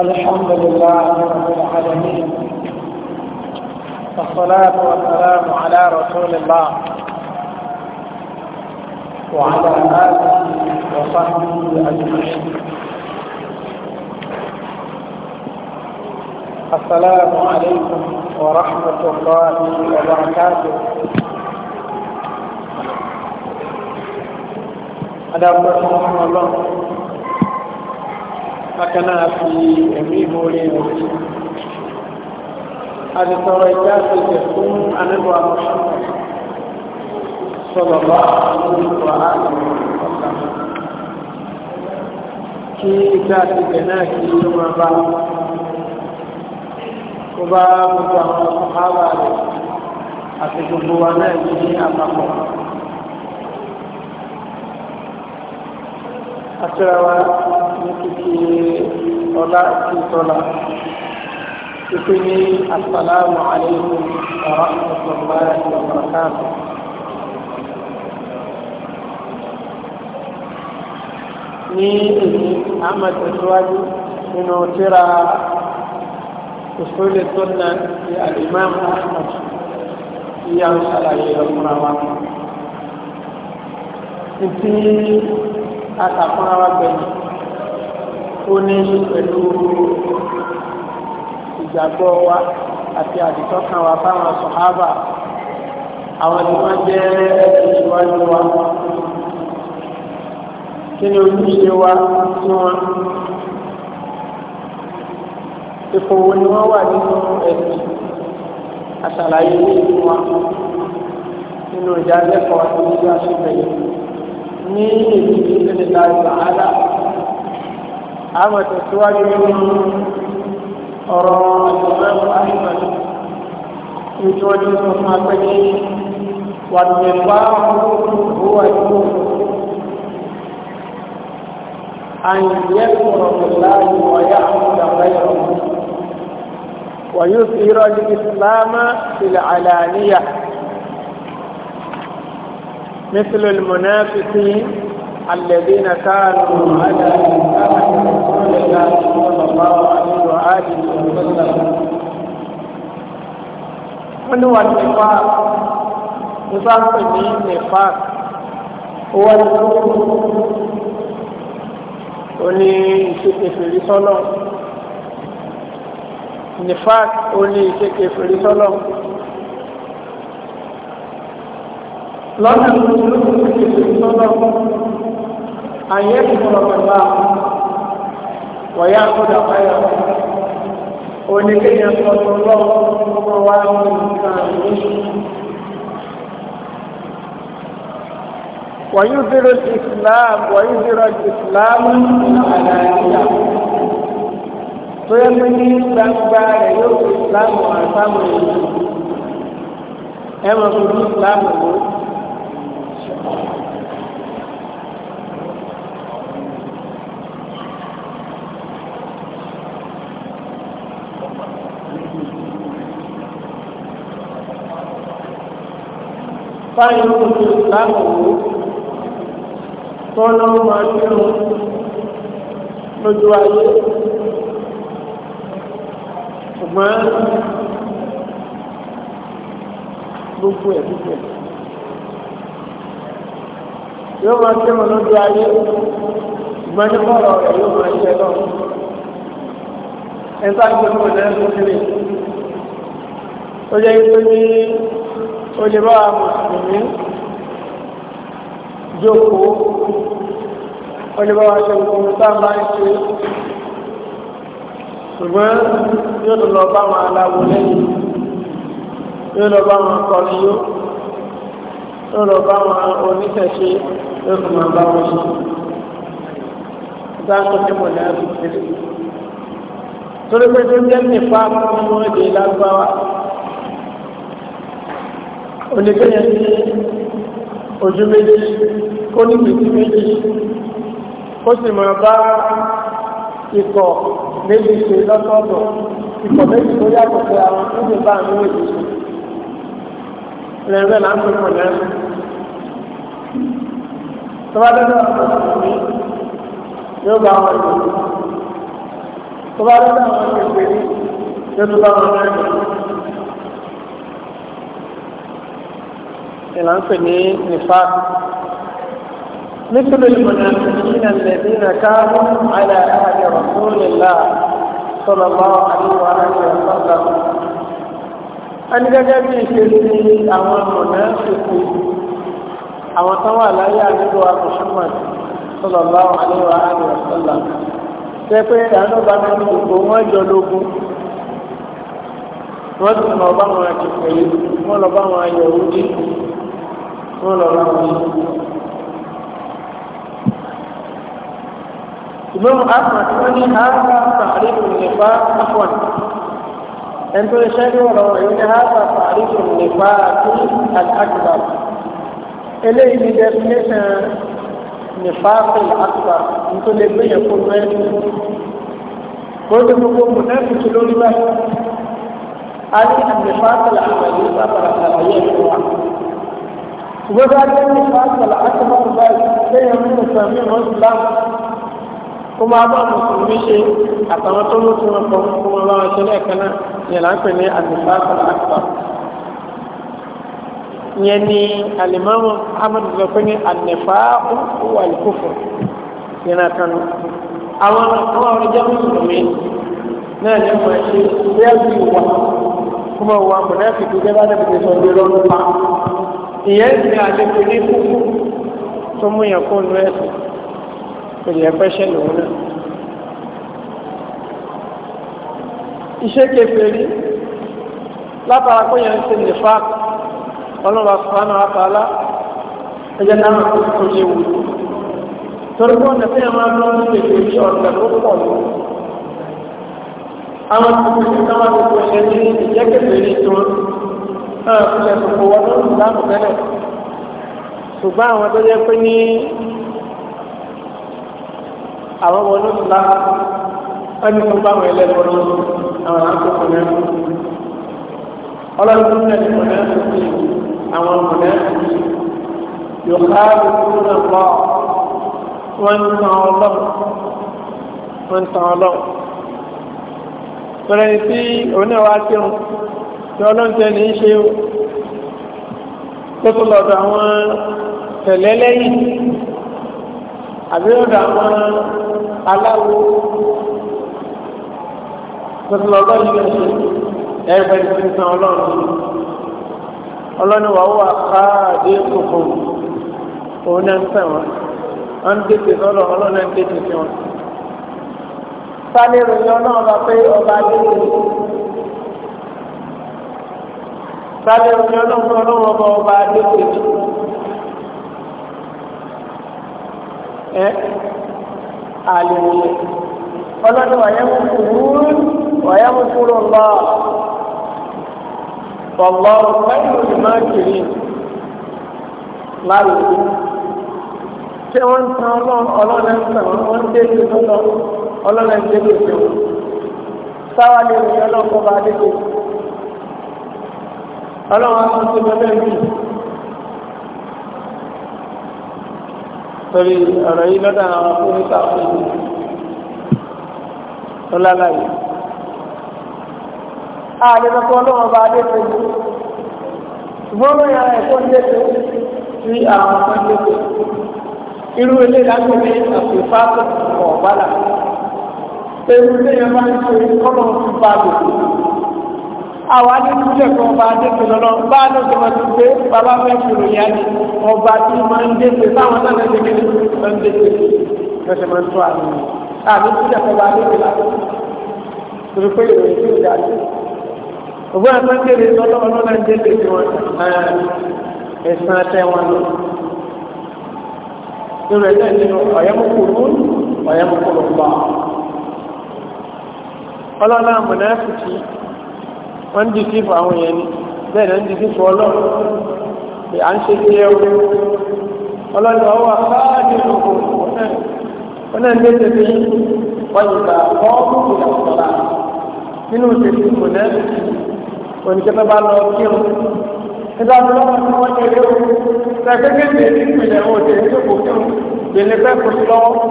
الحمد لله رب العالمين والصلاة والسلام على رسول الله وعلى آله وصحبه أجمعين السلام عليكم ورحمة الله وبركاته أنا أقول لكم الله bákanáà fi ẹ̀mí ìmúre rẹ̀ sí. àdìsọ̀rọ̀ ìjà àtẹ̀jẹ̀ fún anábọ̀ àmọ́ṣọ́ sọ̀rọ̀ bá àwọn olùkọ́ àti ọ̀sán. kí ìjà àtẹ̀jẹ̀ náà kí ló máa bá kó bá gbogbo àwọn ọ̀hábà rẹ̀ àti gbogbo wa náà ní àpapọ̀. Àtúrà wa ní kíkí ọlá sí tọ́lá kíkí ní asalaamu alaykum wa rahmatulahi wa barakatuh. ní èyí ahmed ìṣíwájú nínú tíra usul sunna ti alimam ahmed ìyá ń ṣàlàyé ọkùnrin wa ntí akàkùnrin wa gbẹ̀yìn ó ní í ṣe pẹ̀lú ìgbàgbọ́ wa àti àdìtọ́kàn wa fáwọn sọ̀hábà àwọn tí wọ́n jẹ́ ìṣíwájú wa kí ni ojúṣe wa tí wọ́n ipò wo ni wọ́n wà nínú ẹ̀sìn àṣàlàyé ní ìlú wa nínú ìdálẹ́kọ̀ọ́ àti ìdí àṣìbẹ̀yẹ ní èdè ìdílé láti àádá. أما تسوي أرى الباب أيضا يسوي ما تجي والنفاع هو يوسف أن يكفر بالله ويعبد غيره ويظهر الإسلام في العلانية مثل المنافسين الذين كانوا على الإسلام الله صلى الله عليه وآله وسلم wọ́n ní wà nípa musaafir ní nípa wọ́n ní ó ní ìṣèkèfèrè sọ́lọ́ nípa ó ní ìṣèkèfèrè sọ́lọ́ lọ́nà ìṣèkèfèrè sọ́lọ́ àyẹ̀kùn ọ̀pẹ̀lá wọ̀yá kọ́dà ọ̀yọ́ oníkéyàn sọ̀rọ̀ lọ́wọ́ ọmọ wa ní nǹkan Islam, ويظهر الإسلام ويظهر الإسلام على tó yẹ pé ní gbangba rẹ yóò fi islam àtàwọn èèyàn ẹ máa islam lórí. báyìí kò tó ìsìlámù wò tọ́lọ́ máa ń kírun lójú ayé ṣùgbọ́n gbogbo ẹ̀ gbogbo ẹ̀ yóò máa kírun lójú ayé ṣùgbọ́n ní bọ́ọ̀lù rẹ̀ yóò máa ṣe lọ ẹ̀ta gbogbo ẹ̀ lẹ́nu kiri ó yẹ kí ó ní ó lè bá mùsùlùmí jókòó ó lè bá ṣe nǹkan tá a máa ń ṣe ṣùgbọ́n yóò lọ bá wọn aláwo lẹ́yìn yóò lọ bá wọn kọrin yó yóò lọ wọn oníṣẹ̀ṣe yóò tún máa bá wọn ṣe dáńtọ́ tí mo náà fi kiri torí tó jẹ́ nípa fún wọn lágbára onígbẹ́yẹ ní ojú méjì kó ní ìlú méjì ó sì mọ̀ bá ikọ̀ méjì ṣe lọ́tọ̀ọ̀tọ̀ ikọ̀ méjì tó yàtọ̀ pé àwọn níbi bá àwọn méjì ṣe lẹ́rẹ́ là ń pè pọ̀ tó bá dẹ́dọ̀ ọ̀pọ̀ sí yóò bá wọn lò tó bá dẹ́dọ̀ ọ̀pọ̀ sí yóò bá wọn lẹ́nu ìlànà pè ní nifaq مثل المنافقين الذين كانوا على عهد رسول الله صلى الله عليه وآله وسلم ẹni gẹ́gẹ́ bí ìṣesí àwọn mọ̀nàfíkù àwọn tó wà láyé àdúgbò Muhammad sallallahu alaihi wa alihi wa sallam ṣe pé ìdáná bá ní gbogbo wọn jọ lógún wọn sì lọ bá wọn àti pẹ̀lú wọn lọ bá wọn Yahudi wọ́n lọ máa wọ́n. ìmọ̀mù ahmad wọ́n ní ààbà tààríkù nípa afọ́n ẹni tó lè ṣẹ́rí ọ̀rọ̀ yìí ní ààbà tààríkù nípa àti àgbà eléyìí ni definition nífàáfì àgbà nítorí lè gbé yẹn fún mẹ́rin ó ní gbogbo mùnẹ́fìkì lórí báyìí a ní nífàáfì àgbà yìí sábà àlàyé ìwà ṣùgbọ́n bá dé ní ìfàṣọlá àtàwọn báyìí lẹ́yìn ọdún ìsàmì ìmọ̀sílámù kó máa bá mùsùlùmí ṣe àtàwọn tó lóṣù wọn pọ̀ kó máa bá wọn ṣe lẹ́ẹ̀kan náà yẹn là ń pè ní àtìfàṣọlá àtàwọn. yẹn ni alimami ahmed sọ pé ní ànẹfà wà lùkùfù yẹn náà kanu àwọn àwọn ọ̀rẹ́jẹ́ mùsùlùmí náà ní ọmọ ẹ̀ṣẹ́ bẹ́ẹ̀ bí wà kó máa wà mọ̀ náà fi kú ìyẹn ti àlejò ní kúkú tó mú yẹn kó nu ẹsùn kò yẹ pẹ́ ṣẹlẹ̀ òun náà. iṣẹ́ kẹfẹ́rí látara kó yẹn ti lè fa ọlọ́wà sùpánà àtàlá ẹ̀jẹ̀ náà kò lè wù. torí pé ọ̀nà tí yẹn máa ń lọ sí kẹfẹ́rí ọ̀nà tó pọ̀ lọ. àwọn tó kù sí káwọn tó kù ṣe ní ìjẹ́kẹfẹ́rí tó ń fún ẹ̀sùn kó wọ́n tẹ́lẹ̀ ṣùgbọ́n àwọn tó yẹ pé ní àwọn ọmọ ọdún ńlá ẹni tó bá wọn ẹlẹ́nu ọdún àwọn akókò náà ọlọ́run tó ń tẹ̀lé wọn náà tó fi àwọn ọmọ náà yóò ká gbogbo náà pọ̀ wọ́n ń tan ọlọ́run wọ́n ń tan ọlọ́run tọ́lẹ́ni tí oníwàá kírun tí ọlọ́run tẹ̀ ní í ṣe o tó tó lọ́dọ̀ àwọn tẹ̀lẹ́ lẹ́yìn àbí lọ́dọ̀ àwọn aláwo tó tó lọ́dọ̀ yìí lẹ́sẹ̀ ẹgbẹ́ ti san ọlọ́run ọlọ́run wà wà káàdé kòkò òun náà ń tẹ̀ wọ́n wọ́n ń tètè sọ́dọ̀ ọlọ́run náà ń tètè sí wọn. sálẹ̀ ìròyìn ọlọ́run bá pé ọba adé kòkò sáré omi ọlọ́run ọlọ́run ọba ọba adékòyè ẹ àlèyé ọlọ́dún wàyẹ̀wò kúrú wàyẹ̀wò kúrú ńlá ọ̀lọ́ pẹ̀lú ìmọ̀kìrì láwùjọ ṣé wọ́n ń tan ọlọ́run ẹ̀ ń tàn wọ́n ń délé lọ́lọ́ ọlọ́run ẹ̀ ń délé ìṣẹ́wọ̀n sáwálé omi ọlọ́run ọba adékòyè ọlọ́run á tún síbẹ̀ lẹ́nu torí ọ̀rọ̀ yìí lọ́dọ̀ àwọn akóníta fún mi tó lálàyé ààrẹ lọ́kọ́ ọlọ́run bá dé pé ṣùgbọ́n ó yára ẹ̀kọ́ ń dẹ́kẹ́ sí àwọn ọmọ dẹ́kẹ́ irú ilé ìdájọ́ ní àfìfá ọ̀bálà pé irú ilé yẹn máa ń ṣe kọ́lọ̀ fún bá àwa ní ìpínlẹ̀ kan ọba adéke lọ́nà bá a lóṣù wọn ti gbé bàbá fẹ́ ṣòro yá ni ọba tí máa ń dẹ́gbẹ́ táwọn náà lè dẹ́gbẹ́ máa ń dẹ́gbẹ́ lọ́sẹ̀ máa ń tó àná àmì ìpínlẹ̀ kan ọba adéke lọ́nà torí pé ìròyìn tí ò dáa jù òbí wọn máa ń dẹ́gbẹ́ lọ́nà ọlọ́nà ń dẹ́gbẹ́ tí wọ́n ẹ̀sán tẹ́ wọn lọ. Ìrẹ̀ náà nínú ọ̀yẹ́mọ̀kùnrin ọ̀yẹ́mọ̀kùnrin ọ̀gbà. Ọlọ́run àmọ̀nà wọ́n ń di sí fún àwọn yẹn ni bẹ́ẹ̀ náà ń di sí fún ọlọ́run pé à ń ṣe kí ẹ wọ ọlọ́run ọwọ́ àkáàdé gbogbo wọn náà ń gbé tètè yín wọ́n yìí gbà ọ́ọ́kù kò yà sọ́ra nínú tètè kò náà oníkẹ́tọ́ bá lọ kírun nígbà tó lọ́wọ́ tí wọ́n ṣe léwu tẹ̀gbẹ́gbẹ́ tètè ìpìlẹ̀ òde ìjókòó kírun gbèlè fẹ́ kó lọ́wọ́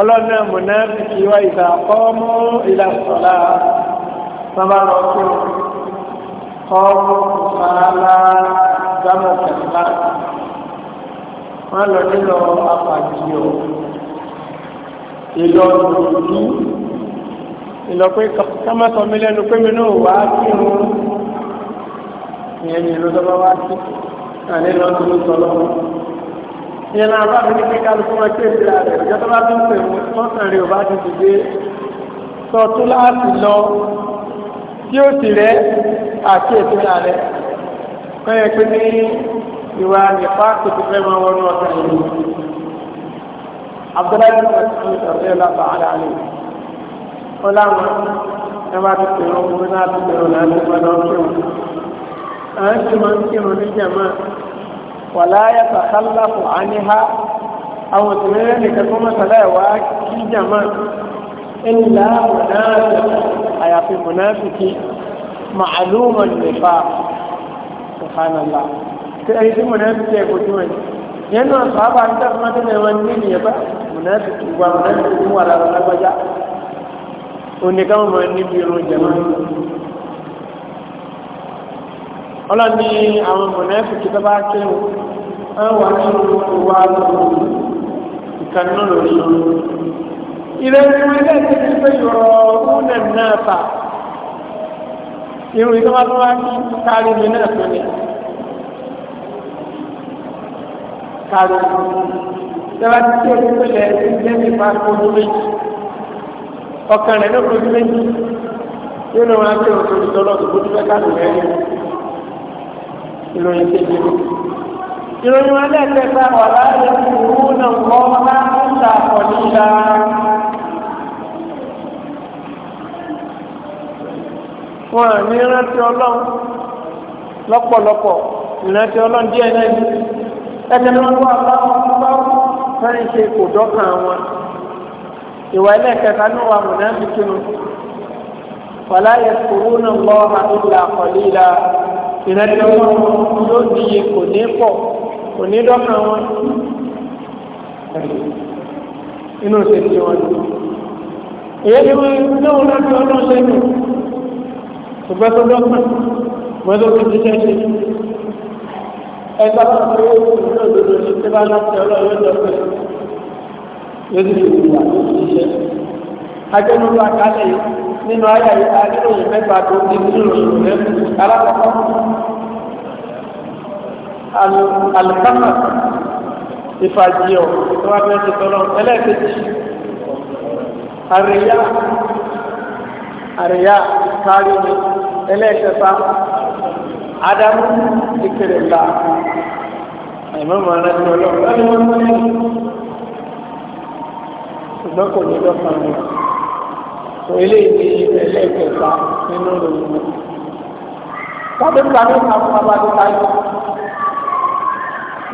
ọlọ́run náà mọ̀ náà fi kí wá ìgbà ọ́ọ́mú ìlà sọ́ra sábà lọ sí o kọ́ọ̀mù sáálá dámọ̀ kẹta wọ́n lọ nílọ apàdìyọ ìlọ ìlú ìlọ pé kámẹ́sọ mi lẹ́nu pé mi náà wá sí o ìyẹn ni ìlú sábà wá sí àní lọ sí o sọ lọ́wọ́ ìyẹn náà bá mi ní pé kálukú wọn kéde rẹ̀ ìjọba tó ń pè wọ́n sàn rí o bá ti dìde sọ láti lọ tí ó sì rẹ àti ètò ìyá rẹ kọ́yẹ pé ní ìwà nípa tó ti fẹ́ máa wọnú ọ̀sán ìlú abdullahi bin mas'ud radiyallahu ta'ala anhu ó láwọn ẹ bá ti pèrò òun náà ti pèrò náà ti pèrò náà kírun à ń ti máa ń kírun ní jàmá wàlá yàtọ̀ kálá fún àníhá àwọn òṣèré nìkan tó mọ̀ sálẹ̀ wá kí jàmá إلا منافق أي في منافق معلوم النفاق سبحان الله أي في منافق يقولون لأن أصحاب عن تخمة اليمنين يبقى منافق ومنافق هو على الرجع ونكام من يبيرون جمال ọlọ́run ní àwọn mọ̀nẹ́fì kí tọ́bá kéwù wọ́n wà nínú owó àgbà ìkànnà lórí ìrẹ́rìn wọn lẹ́ẹ̀kejì pé yọ̀rọ̀ ọ̀húnẹ̀ náà fà irun ìjọba tó wá ní kárí mi náà tó ní kárí ìjọba tí tí o ti pèlè ẹgbẹ́ mi bá kojú méjì ọkàn rẹ̀ ló kojú méjì yóò lọ́wọ́ á kéwòn tó lọ́dọ̀ tó kojú fẹ́ kárí rẹ̀ ní ìròyìn kejì mi. ìròyìn wọn lẹ́ẹ̀kẹta wà láàrin ìwúna ọmọ náà ń ta ọ̀nìyàn. wọn à ní rántí ọlọ́run lọ́pọ̀lọpọ̀ ìrántí ọlọ́run díẹ̀ náà ni ẹ̀jẹ̀ ni wọ́n wá báwọn bá fẹ́ẹ́ ṣe kò dọ́kàn wọn ìwà ẹlẹ́ẹ̀kẹta ní wa mọ̀nà ti kinu wàlá yẹ kúrú náà lọ́ àdúrà kọ̀líla ìrántí ọlọ́run yóò níye kò ní pọ̀ kò ní dọ́kàn wọn inú ṣe ti wọn. èyí ni wọn ní òun náà fi ọlọ́run lẹ́nu ṣùgbọ́n tó dọ́gbọ́n wọ́n ló fi jíṣẹ́ ṣe ẹgbẹ́ ọ̀pọ̀ owó ìlú òdodo ní tí bá láti ọlọ́run lọ pẹ̀ lórí ìwà ìṣiṣẹ́ ajẹ́nulú àkálẹ̀ yìí nínú ayé àdéhùn mẹ́ta tó ti ní ìròyìn rẹ̀ alákọ̀ọ́ alùpàpà ìfàjìọ̀ tó wá bẹ́ẹ̀ ti tọ́lọ́ ẹlẹ́ẹ̀kejì àríyá àríyá kárí ni ẹlẹ́ẹ̀kẹta adamu ìkèrè ńlá ẹ̀mọ́ mọ́ ẹ̀rọ ẹ̀rọ ọlọ́run ẹni wọ́n mọ́ ẹ̀rọ ṣùgbọ́n kò ní dọ́kan rẹ̀ kò eléyìí ní ẹlẹ́ẹ̀kẹta nínú ìròyìn wọ́n ti gbà ní ìtàkùn abájọ́ láyé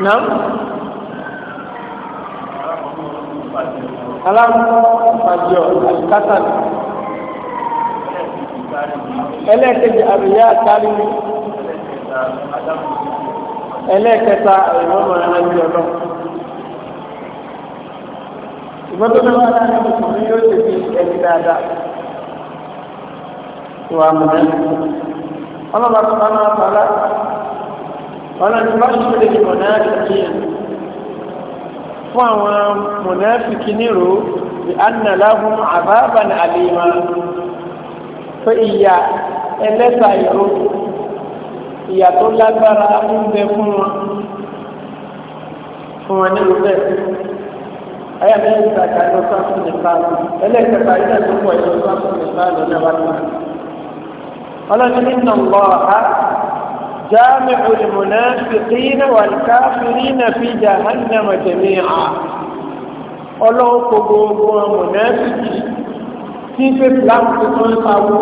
náà aláwọ̀ ìpàdé ọ̀ àti kátàlì ẹlẹ́ẹ̀kejì àríyá àtàrí ẹlẹ́ẹ̀kẹta ìwọ́mọ̀ ẹ̀rọ ọlọ́ ìgbọ́n tó ní wọ́n láti mùsùlùmí yóò ṣe fi ẹni dáadáa wà mọ̀lẹ́ ọlọ́ba tó máa ń fara ọlọ́ni bá ṣe lè mọ̀nàfìkì fún àwọn mọ̀nàfìkì nírò bí annalahum àbábàn àlèmọ́ fún ìyá ẹlẹ́ta ìró ìyà tó lágbára ń bẹ fún wọn fún wọn nínú bẹ́ẹ̀ ayé abẹ́rẹ́ ìtajà ló sáfún nípa lọ ẹlẹ́kẹta ilé tó pọ̀ ìlú sáfún nípa lọ ní wàá tán. ọlọ́ni nínú lọ́ọ̀ha جامع المنافقين والكافرين في جهنم جميعا ọlọ́wọ́ kó gbogbo wọn mọ̀nẹ́sìkì tí fífi láti tó ń sáwó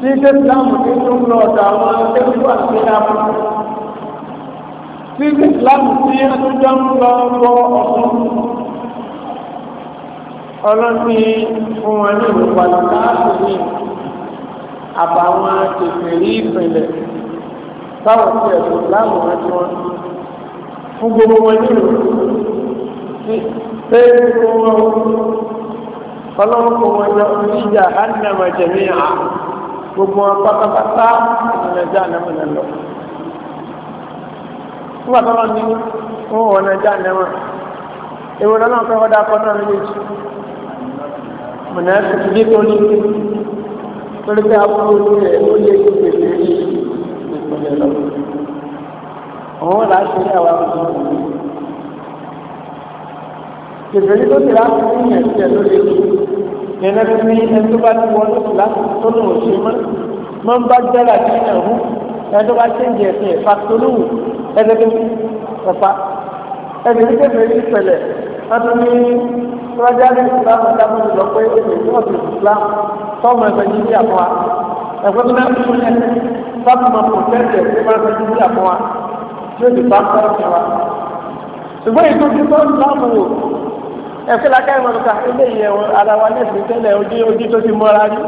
tí islam ti tún lọ ọ̀dọ̀ àwọn akẹ́kọ̀ọ́ àti àbọ̀ tí islam ti àtúnjọ ń lọ bọ ọ̀sán ọlọ́ni fún wọn ní ìwọ̀lù káàkiri àbàwọn kèfèrí ìpìlẹ̀ táwọn ti ẹ̀sùn láwọn ẹ̀sùn wọn fún gbogbo wọn ní ìlú pé gbogbo wọn ọlọ́run kò wọn jọ oníjà ánàmàjẹ̀míà gbogbo wọn pátápátá ọ̀nà ẹja ànámọ̀ ni, lọ. nígbà tó wọn ní wọn wọ ọ̀nà ẹja ànámọ̀ èwo lọ́nà fẹ́ wọ́n dákọ́ náà méjèèjì mọ̀nà ẹ̀sìn ti dé tó ní torí pé abúlé olú rẹ̀ ó lé pèsè rí ìpínlẹ̀ lọ. àwọn ọ̀là ṣe ní àwọn àwọn ọmọ mi. pèsè tó ti rà á fún ìyẹn sí ẹ lórí ètò nínú ẹni ní ẹni tó bá ti wọ ní ìlà tó lò ó ṣe mọ́ máa ń bá dára sí ìnáwó ẹni tó bá ṣéǹjì ẹ̀sìn ẹ̀fà tó lòwò ẹni tó ẹ̀fà ẹni tó tẹ̀lé ní ìpẹ̀lẹ̀ wọ́n ní rọ́jà ní islam dábò lọ pé èmi ní ọ̀sẹ̀ islam tọ́mọ ẹ̀fẹ̀ yìí yà fún wa ẹ̀fọ́ tó náà fún ẹ̀ sábà máa pọ̀ tẹ́tẹ̀ tó máa fẹ́ yìí yà fún wa tí ó sì bá ń bá ọ̀sẹ̀ wa ṣùgbọ́n ètò ìdíbọ̀ ìsìlámù wò ẹ̀fẹ́ la káyọ̀ mọ́tò ká eléyìí ẹ̀wọ̀n ara wa lẹ́sìn tẹ́lẹ̀ ojú ojú tó ti mọ́ra rí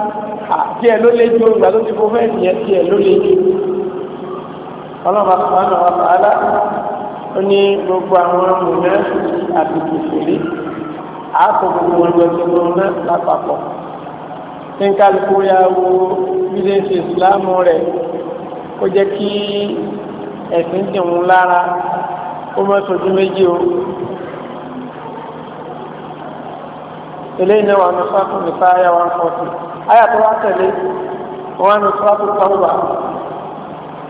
díẹ̀ ló lé ju ìgbà tó ti fún fẹ́ẹ̀ nìyẹn díẹ̀ ló lé ju. ọlọ́run àfọwọ́n àwọn àfọwọ́lá ó ní gbogbo àwọn mùnà àti kìfìrí àákò gbogbo wọn lọ sí wọn náà lápapọ̀. kínkálukú ya wo bídẹ́ǹsì ìsìlámù rẹ̀ kó jẹ́ kí ẹ̀sìn tì ń lára ó mọ́ sojú méjì o. eléyìí náà wà ní sọ́ọ̀tù nípa ayá one forty ayá tó wá tẹ̀lé wọn ní sọ́ọ̀tù tọ́wà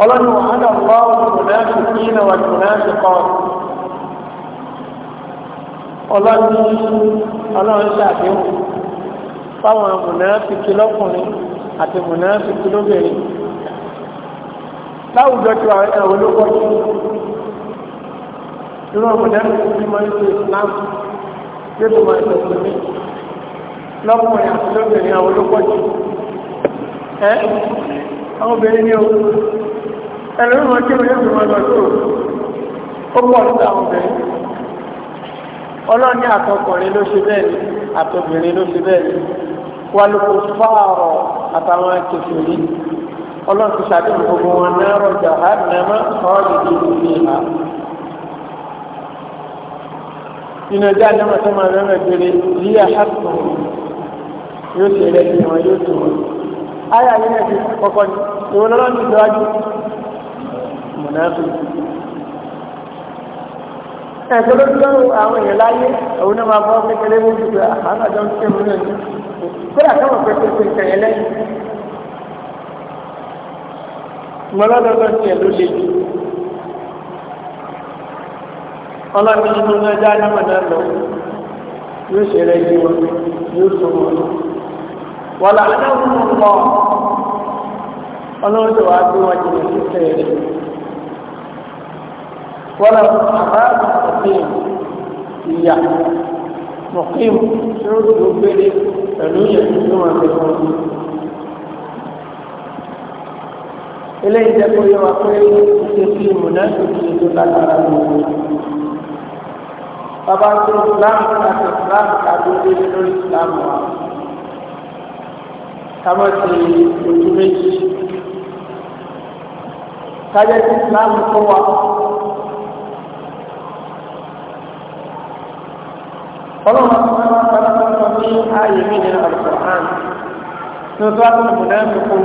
ọlọ́run wà hádà lọ́wọ́ ìmùnáṣì kí ní wà ìmùnáṣì kan ọlọ́run ọlọ́run ṣàdéhùn fáwọn ìmùnáṣì kí lọ́kùnrin àti ìmùnáṣì kí lóbìnrin láwùjọ tí wàá ẹ̀wọ̀ ló kọ́ sí irú ọmọdé ti máa ń ṣe ìsìlámù yóò tó máa ń ṣe ìsìlámù lọ́kùnrin àti lóbìnrin àwọn olókọ́jù ẹ́ àwọn obìnrin ní o ẹlòmíràn wọn kéwòn yóò fi wọn lọ tó ó pọ̀ nípa àwọn obìnrin ọlọ́ni àtọkùnrin ló ṣe bẹ́ẹ̀ ni àtọbìnrin ló ṣe bẹ́ẹ̀ ni wà lóko fáàrọ̀ àtàwọn kẹfìrí ọlọ́run ti ṣàdéhùn gbogbo wọn náà rọjà á nàmá ọ̀rọ̀ ìdí ìdí ìhà ìnàjà àjọmọ̀tẹ́mọ̀ rẹ̀ rẹ̀ gbére yíyá ṣàtúnwò yóò ṣe rẹ̀ sí wọn yóò tó wọn. ayé ayé náà ti kọ́kọ́ ni ìwọ lọ́wọ́ ní ìdíwájú mọ̀nàfẹ́. ẹ̀sọ́ ló dúró àwọn èèyàn láyé òun náà máa bọ́ kékeré mú jùlọ ah, àwọn àjọ ń tẹ̀ mú náà ní. kódà káwọn pẹ̀pẹ̀ pé ìtàn yẹn lẹ́yìn. mọ̀lọ́dọ̀dọ̀ tiẹ̀ ló le jù. ọjọ́ ajá náà mọ̀ lọ yóò ṣe rẹ̀ yí wọn yóò sọ wọn lọ wọ́lá aláwọ̀ ọlọ́run tó wá gbé wọn jìnnà sí sẹ́ẹ̀rẹ̀ wọ́lá àbáàbà ọ̀sìn ìyá mọ̀kìm tó ń lò gbélé pẹ̀lú ìyẹ̀sùn tó wọn fi wọn. eléyìí jẹ́ kó yẹ wá pé ṣe fi mùnáṣí ti tó lágbára lóore. bàbá tó láàmú àti láàmú àti lórí láàmú wa kama ti ojú méjì kájá sí islam kọ́ wa ọlọ́run àwọn ọmọ ọmọ ọmọ ní ààyè mí ní alukọ̀hán ní oṣù àtúntò mọ̀dá mi kú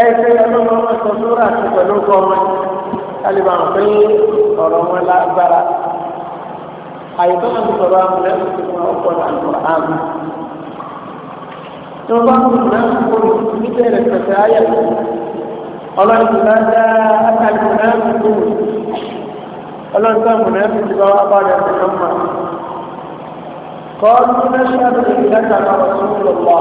ẹ ṣe ọlọ́run ọmọ sọ sórí àti pẹ̀lú ọkọ wọn kálíbà tí wọ́n bá ń rìn náà kó lò níbẹ̀rẹ̀ pẹ̀sẹ̀ ayẹ̀ ọlọ́run bá dá àtàkì náà kó lò ọlọ́run bá mùnà fi ti bá wá bá rẹ̀ fún ọmọ kọ́ọ̀lù mẹ́ṣọ́ọ̀dù ìdájà náà wọ́n tún lọ wá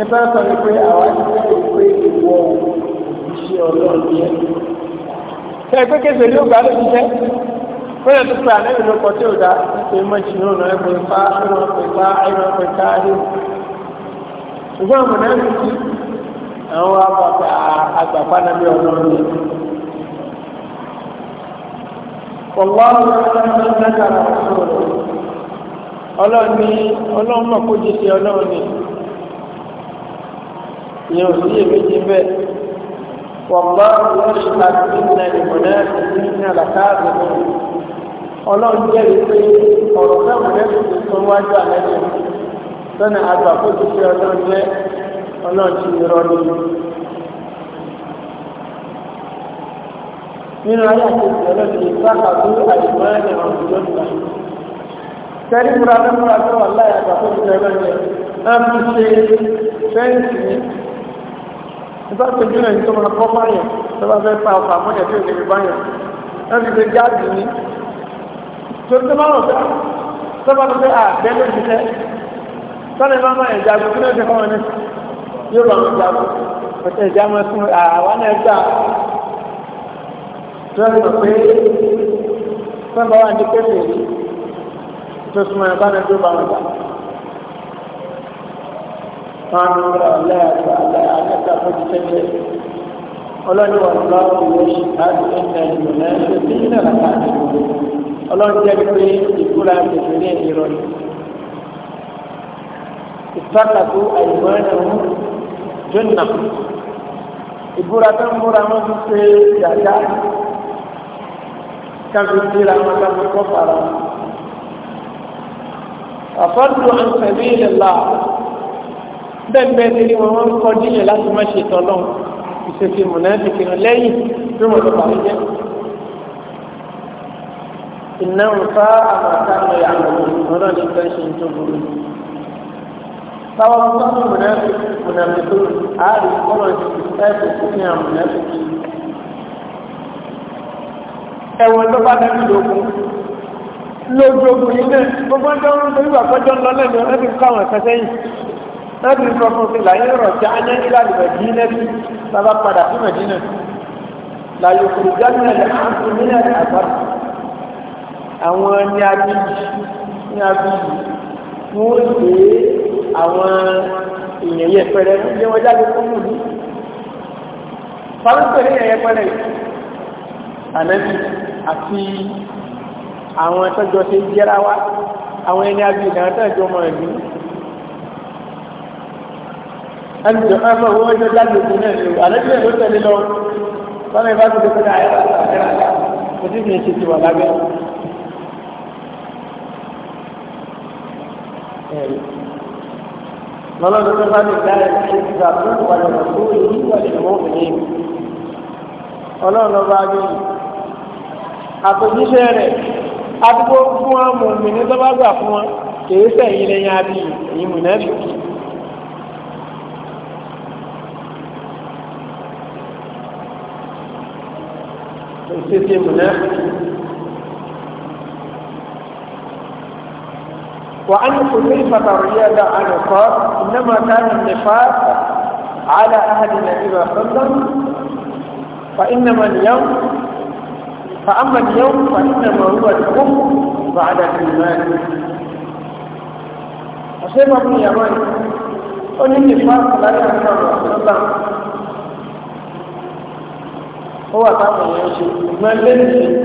ẹgbẹ́ sọ ni pé àwa ti fẹ́ ìwé ìwọ ìṣe ọlọ́run yẹn ṣe pé kéṣe ní ògbà ló ti jẹ́ tó pe àlẹ́ ìlú ọkọ̀ tí ò dá ṣe mọ́ ìṣúná ẹ̀kọ́ ìfá ẹ̀rọ ìfá ẹ̀rọ ìfá ẹ̀rọ ṣùgbọ́n àwọn náà ti kí àwọn agbàfáàná bí ọlọ́run yẹn. Ọlọ́run lágbára ọ̀ṣọ́rọ̀ ọlọ́run ní ọlọ́run mọ̀ kó jẹ́ sí ọlọ́run ni. Ìyẹn ò sí èméjì bẹ́ẹ̀. Wọ̀gbọ́n lọ́ṣùlá sí ní ìmọ̀lẹ́ àti ní àlàkáàbò náà. Ọlọ́run jẹ́rìí pé ọ̀rọ̀ náà mọ̀lẹ́kùn tó wájú àlẹ́ lọ́nà àgbà kó ti fi ọlọ́run jẹ́ ọlọ́run ni. rọ ní. nínú ayé àti ìṣẹ̀lẹ̀ ti sáà tó àyùmọ́ ẹ̀ hàn lọ́nà. sẹ́rí múra tó múra tó wà láyé àgbà kó ti fi ọlọ́run jẹ́ wọ́n fi ṣe fẹ́ǹsì ní. nígbà tó jùlọ ní tó máa kọ́ báyọ̀ tó bá fẹ́ pa ọkọ̀ àmọ́yẹ̀ tó lè báyọ̀ wọ́n fi ṣe jáde ní. tó tó máa wọ̀ sọ́ba tó fẹ́ àbẹ́lẹ́ sọ́nà máa máa ẹ̀já gbogbo náà tẹ́kọ̀ wọn ní yóò rọ àwọn ìjà pẹ̀tẹ́ ìjà máa fún àwa náà gbà lọ́nà mọ̀ pé sọ́nà wà ní pẹ̀lú tó súnmọ́ ẹ̀ bá náà tó bá wọn gbà. Wọ́n á lọ ọ̀lẹ́ àti àlẹ́ àlẹ́ta fojú tẹ́tẹ́. Ọlọ́ni wà lọ́wọ́ ìwé ṣùgbọ́n ẹ̀ka ìlú náà ṣe bí ìlànà àti ìlú. Ọlọ́run jẹ́ pé ìkúra àti ìfẹ́ ní ìrọ̀lẹ́ ìtàkàtú àìmọ́ẹ̀nàmú jọ́nà ìbúra tó ń búra wọn ti ṣe dàda káfí síra wọn káfí kọ́ fara àfọ́dù àǹfẹ̀mí ìlẹ̀lá bẹ́ẹ̀ bẹ́ẹ̀ ti rí wọn wọn kọ́ díyẹ̀ láti má ṣe tọ́lọ́ ìṣèṣe mọ̀nàdìkì lẹ́yìn tí wọ́n lọ parí jẹ́ ìnáwó fá àwọn àtàwọn ìyàwó ọlọ́ọ̀ni fẹ́ ṣe ń tó burú sáwọn sọ́nà mùnàfíkì mùnàfíkì àárí kọ́nà ti fi ẹ̀kọ́ fún ní àwọn mùnàfíkì ẹ̀wọ̀n tó bá dẹ́bí lógún lójú ogun yìí náà gbogbo ọjọ́ ń torí àkọ́jọ́ ń lọ lẹ́nu ẹ̀dùn káwọn ẹ̀kọ́ sẹ́yìn ẹ̀dùn sọ fún fi láyé rọ̀ sí ányá nílá ìbẹ̀dí nẹ́bí bàbá padà sí mẹ̀dínà láyé òkúrú jáde náà àti nílẹ̀ àgbà àwọn ẹni abíyì àwọn èèyàn yẹ pẹrẹ ní wọn jáde fún mú mi fáwọn pẹrẹ yẹn yẹ pẹrẹ ànábì àti àwọn ẹtọjọ ṣe jẹra wa àwọn ẹni àbí ìdáná tẹjọ mọ ẹbí ẹnìjọ ẹfọ owó ẹjọ jáde fún náà ni ànábì yẹn ló tẹ̀lé lọ fáwọn ẹbá tó tẹ̀lé ayé wa ẹrà ẹrà mo ti lọ́lọ́dún tó bá lè dára ṣe ìgbà fún ìwàlẹ̀ fún ìlú ìwàlẹ̀ mọ́bìnrin ọlọ́run bá ní àtòjíṣẹ́ rẹ̀ àdúgbò fún wọn mú mi ní tó bá gbà fún wọn kìí sẹ́yìn lẹ́yìn àbí èyí mùnẹ́bí. Ìṣèṣe mùnẹ́bí. وأن حذيفة الرياضة عن قال إنما كان النفاق على أهل النبي صلى الله عليه وسلم فإنما اليوم فأما اليوم فإنما هو الكفر بعد الإيمان اصيب ابن يمان قل النفاق لا يعلم صلى الله هو طعم يمشي ما الذي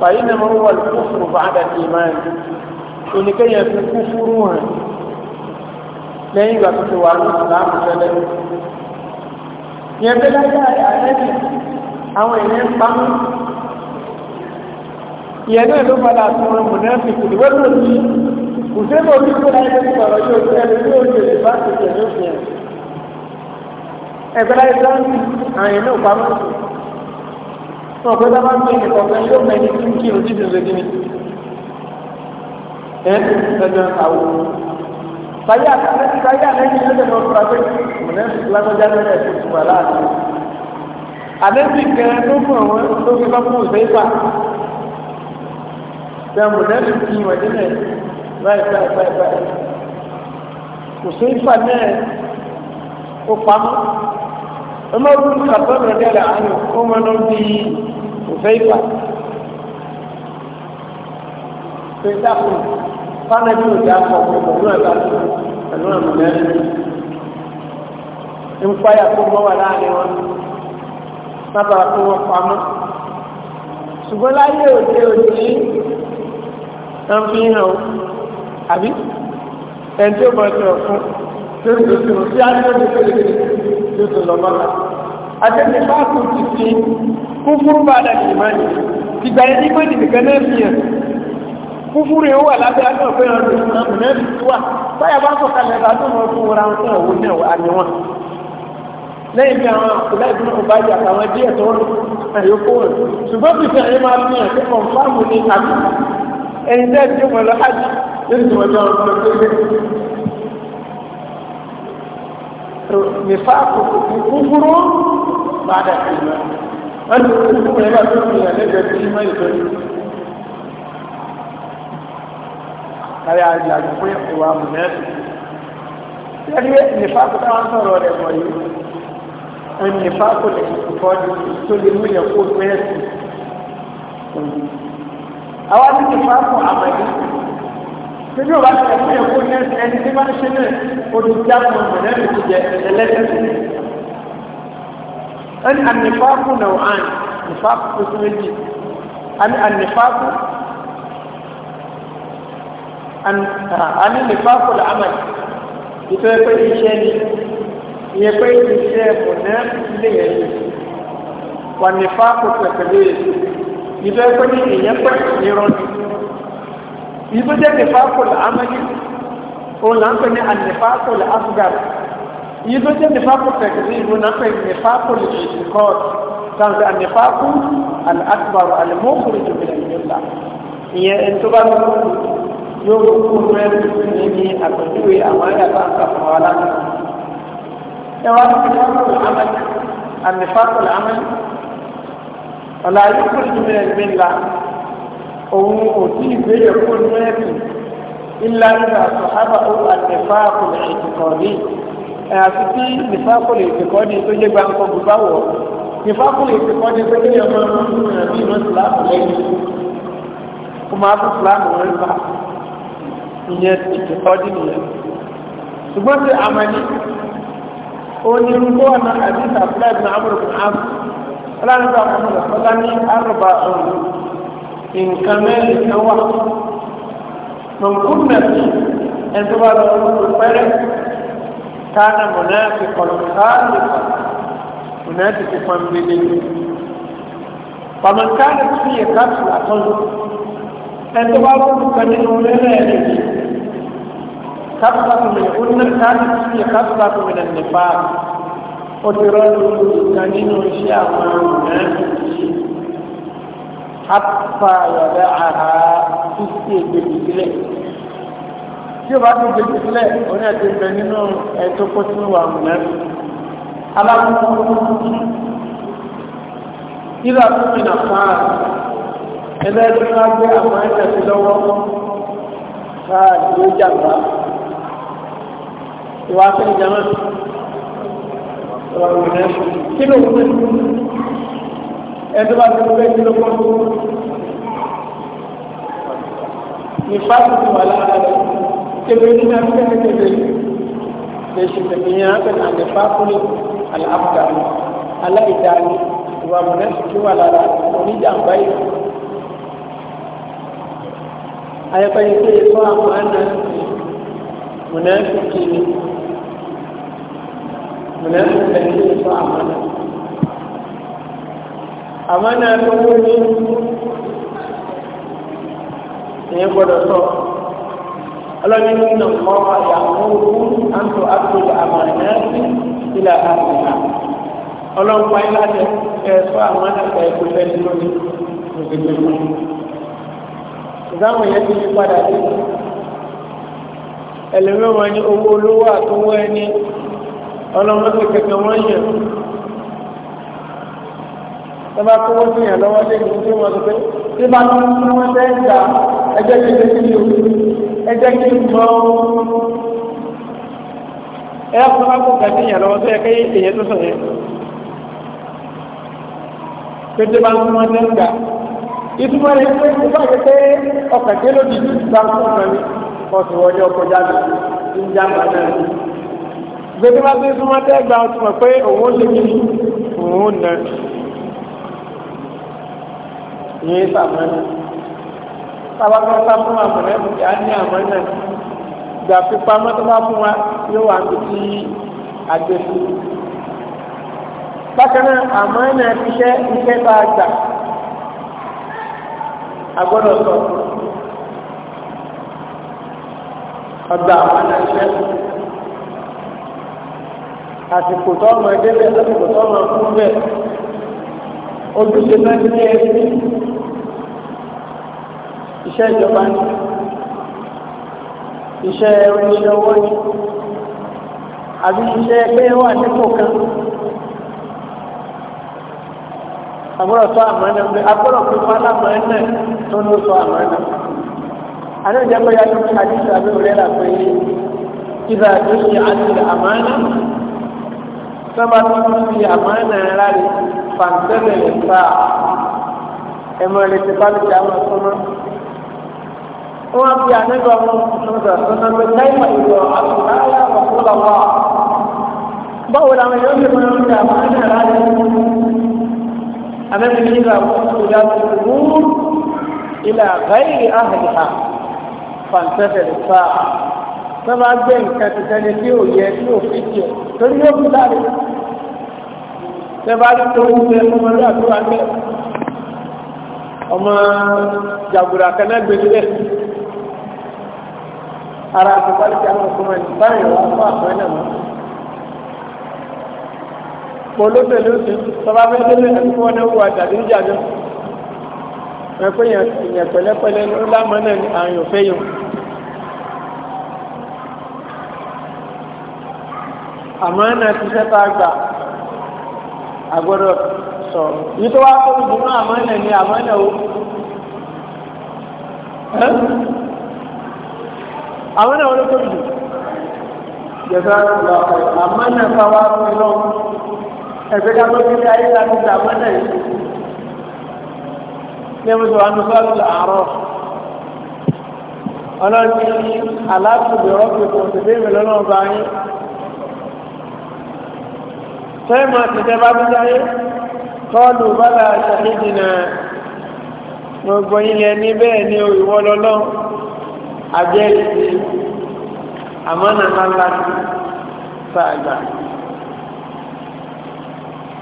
فإنما هو الكفر بعد الإيمان oníkẹ́yẹ fi kú fúrú hàn lẹ́yìn ìgbà tó ti wà ní ìsìláàmù tẹ́lẹ̀ yẹn bẹ́lá yára àtẹ́bì àwọn èèyàn ń pamọ́ ìyẹn náà ló padà sí wọn mọ̀nà fi kùdì wọ́n lò sí kò sí mọ̀ bí kó láyé lórí ọ̀rọ̀ yóò tẹ́ lórí yóò lè bá ti tẹ̀lé òfin ẹ̀ ẹgbẹ́ láyé sáńtì àwọn èèyàn náà pamọ́ wọn pẹ́ sábà ń gbé ìkọ̀ọ̀kan yóò mẹ́ni tí ń kí òjì ẹ̀ẹ́dẹ̀ẹ́dẹ̀ àwọ̀ sáyà sáyà lẹ́yìn lẹ́yìn lọ́dọ̀ fúra pé mùnẹ́sì lágbájá lẹ́yìn ẹ̀sìn tùmọ̀ láàrin àlẹ́sì kẹrin tó fún àwọn tó fi bá fún òṣèlú tẹ mùnẹ́sì kí ìwà nílẹ̀ láì báyìí báyìí báyìí òṣèlú náà ó pamọ́ ọmọ ọdún kàtọ́ rẹ̀ dẹ́lẹ̀ àánú fáwọn ẹni òjá pọ̀ pẹ̀lú ẹ̀ka pẹ̀lú ẹ̀mọ̀ mẹ́rin ń páyà kó mọ́ wà láàrin wọn sábà kó wọn pamọ́ ṣùgbọ́n láyé òde òní ń fi hàn àbí ẹni tí ó bọ̀ ẹ̀sìn ọ̀fun tó ń tuntun sí àdéhùn tó lè tó tó lọ́mọ́ la àtẹ̀lé bá kú ti fi kú fún bàdà ìmọ̀ ni ìgbà yẹn ní pé nìkan náà fi hàn kúfúrú wà lábẹ́ àgbọ̀n pé ọ̀rọ̀ ìsìlámù náà ti wà báyà bá sọ̀kalẹ̀ bá tó mọ̀ fún wọn àwọn náà wò náà àmì wọn. lẹ́yìn tí àwọn àkùlẹ̀ ìdúró kò bá yà àwọn díẹ̀ tó rò àyókò rẹ̀ ṣùgbọ́n bí sẹ́yìn yẹn máa ń yàn pé kọ̀ǹfàmù ni àmì ẹni tẹ́ ti mọ̀ lọ hajj lórí tí wọ́n jọ ọ̀rọ̀ lọ sí ilé. nìfà kúfúrú bá dà sí ìlú wọn. káyà ìyàgò fún ìwà mùnẹ́ẹ̀tì yẹ́nì nífàkù táwọn sọ̀rọ̀ rẹ̀ wọ̀ yìí ẹni nífàkù lè kọ́ tó lè mú yẹ kó tó ẹ̀sì àwọn ní nífàkù àmàlí tóbi ò bá tẹ̀ mú yẹ kó ẹ̀sì ẹni tí wọ́n ṣe náà olùdíjà fún mùnẹ́ẹ̀tì ti jẹ ẹlẹ́sẹ̀ ẹni ànífàkù náà àn nífàkù tó tó méjì àní ànífàkù àní nìfàkùlù àmàl ìfẹ́ pé iṣẹ́ ni ìyẹn pé iṣẹ́ mọ̀nà ilé yẹn ni wà nìfàkùlù pẹ̀pẹ̀lẹ̀ ìfẹ́ pé ní ìyẹn pé ìrọ̀ ni ìfẹ́ jẹ́ nìfàkùlù àmàl òun là ń pè ní ànìfàkùlù asgar yìí tó jẹ́ nífàkù tẹ̀kìrì ìlú náà pé nífàkù lè ṣe kọ́ tàbí ànífàkù al'akbar al'amókùnrin jù bìlẹ̀ nílá ìyẹn ẹni tó bá lọ́wọ́ yóò mú kó tó ẹ̀rù ní ní àpèjúwe àwọn ẹ̀yàtọ̀ àkàfọ̀ wa láti. ẹ wá sí fáfọ̀lù àmì àmì fáfọ̀lù àmì ọ̀la yóò kó tó ní ẹ̀mí ńlá òun kò tí ì gbé yẹ kó tó ẹ̀rù ńlá nígbà tó hábà ó àtẹ̀fà kò lè ètùkọ̀ rí ẹ̀ àti tí nìfàkò lè ètùkọ̀ ní tó yẹ gbàǹkọ̀ bù bá wọ̀ lè ètùkọ̀ ní tó yẹ gbàǹkọ̀ bù bá wọ̀ ìyẹn ìtìkọ́dí nìyẹn ṣùgbọ́n ti àmàlí ó ní kó ọ̀nà àdìs àbúlá ìbùnà àbúrò àbù ọlọ́nàbà ọmọ ọ̀sọ́lá ní àrùbà ọ̀hún nǹkan mẹ́rin kan wà mọ̀nkúnnà sí ẹ̀dọ́ bá lọ ọdún pẹ́rẹ́ káàna mọ̀nà fi kọ̀lọ̀ káàlì mọ̀nà ti fi pọn bíbélé pàmò káàna sí ẹ̀ká tó àtọ́jú kápákù mi ó ní káàkiri sí kápákù mi nàní pa ó ti rọ́ọ̀lù ìkan nínú iṣẹ́ àwọn mùnàfíkì apá yọ̀dá àhá títí ègbèbí sílẹ̀ tí o bá tún gbèbí sílẹ̀ oní ẹ̀tí ń bẹ nínú ẹ̀tọ́ kó tún wà mùnàfíkì alákùnkùn ìlà fún mi nà fáà ẹgbẹ́ ká gbé àwọn ẹ̀tẹ̀ sí ìwà sẹ́yìn jama ìwà ìwà kí ló wọlé ẹni tó bá ti wọlé kí ló kọ́ nípa tuntun wà lára rẹ̀ kébé ní náà kébé kébé lè ṣe tẹ̀lé yẹn á bẹ̀rẹ̀ àlefa kúlé àlàáfíà aláìdáni ìwà mọ̀lẹ́sì kí wà lára oníjàmbá yìí ayẹpẹyẹ pé ìfọ mùnàfíkì ẹni tó sọ àmánà àmánà tó kú ní ìyẹn gbọ́dọ̀ sọ ọlọ́ni ní nà mọ́ àyàmóhù àǹtò àtò àmánà ìlà àmánà ọlọ́run pa ilá jẹ ẹ̀ẹ́sọ́ àmánà ẹ̀ẹ́kú fẹ́ẹ́ lónìí òṣèlú fún ìdáhùn yẹn ti yí padà dé ẹlẹ́mẹ́wọ̀n ni owó olówó àtúwọ́ ẹni ọlọ́mọdé kẹkẹ wọ́n yẹ tọ́ba tó wọ́n fi hàn lọ́wọ́ lé ní tí wọ́n sọ pé tí bá tó ń tún wọ́n fẹ́ gbà ẹjẹ́ kí lè fi lò ẹjẹ́ kí n mọ́ ẹ yà fún akọ kẹsí yàn lọ́wọ́ tó yẹ kí èyẹ tó sọ yẹ pé tí bá tún wọ́n fẹ́ gbà ìtumọ̀ rẹ̀ pé tí bá yẹ pé ọkọ̀ kí ló di tí bá tún mi kọ́ sí wọ́n ní ń já màdá yìí gbẹdẹ bá gbé súnmọ́ tẹ́ gba ọtún mọ̀ pé òun ó ṣe kí òun ó nà yín sàmánà sábà tó sá fún àmọ̀nà ẹ̀mùtí á ní àmọ̀nà gbà pípa mọ́tò bá fún wa yóò wà ní àjẹsí. bákan àmọ̀nà iṣẹ́ iṣẹ́ bá a gbà a sọ ọgbà àmọ̀nà iṣẹ́ àsìkò tó ọmọ ẹgbẹ́ bẹ́ẹ̀ àsìkò tó ọmọ fún bẹ́ẹ̀ ojúṣe náà ní ẹbí iṣẹ́ ìjọba ní iṣẹ́ oníṣẹ́ owó ní àbí iṣẹ́ ẹgbẹ́ wà nípò kan àbúrò tó àmọ́nà pé agbọ́dọ̀ pé wọ́n alámọ́nà tó ló sọ àmọ́nà àná ìjẹ́pẹ́ yá ló ń ṣàdíṣà lórí rẹ̀ là pé ìbàdí ìyá àti àmọ́nà sábà tó ń fi àmọ́ ara rẹ̀ fàǹtẹ́lẹ̀ lè fà á ẹ̀mọ́ rẹ̀ ti pálíkì àwọn ọ̀sánná. wọ́n fi àníbọ̀ ọmọ ọ̀sánná sọ́nà pé láìpà ìlọ àtúntà aláàbọ̀ tó lọ wà. báwo làwọn yóò fi máa ń fi àmọ́nà ara rẹ̀ àmẹ́bí nígbà ìlà tòkú ìlà gáyì àhìlá fàǹtẹ́lẹ̀ rẹ̀ fà á. sábà gbé nǹkan tuntun ni tí ò yẹ tí ò fi tiẹ̀. torí yóò fi láre tẹ́bá tó ń gbé ọmọdé àdúrà lẹ́ ọmọ jàgùrà kan náà gbèsè lẹ́ ara àtúntò àti àwọn ọkùnrin ẹni báyìí wà fún àpẹẹrẹ náà mọ́ polótèlú ti sọba bẹ́ẹ̀ délé ẹni fún ọdún wà tàbí ìjà náà ẹ̀kọ́ yẹn pẹ̀lẹ́pẹ̀lẹ́ ló lámọ́ náà àyànfẹ́ yìí. àmánà ti sẹ́ta gbà agbọ́dọ̀ sọ yìí tó wá tóbi jù náà àmánà ni àmánà o àmánà wọn ló tóbi jù jẹ̀dá lọ àmánà sáwá fún lọ ẹgbẹ́ ká tó kíkẹ́ ayé láti ṣe àmánà yìí ní ẹ̀mí sọ wọn ní sọ́ọ̀tù àárọ̀ ọlọ́ọ̀ni aláàbò bẹ̀rọ̀ pé kò sí bẹ́ẹ̀ mi lọ́nà ọba yín. sẹ́ẹ̀mọ̀ tẹ̀tẹ̀ bá bí bala kọlù bọ́lá na gbogbo ilẹ̀ ní bẹ́ẹ̀ ni ìwọ lọ́lọ́ àjẹ́rìsí àmọ́nà ńláńlá sàgbà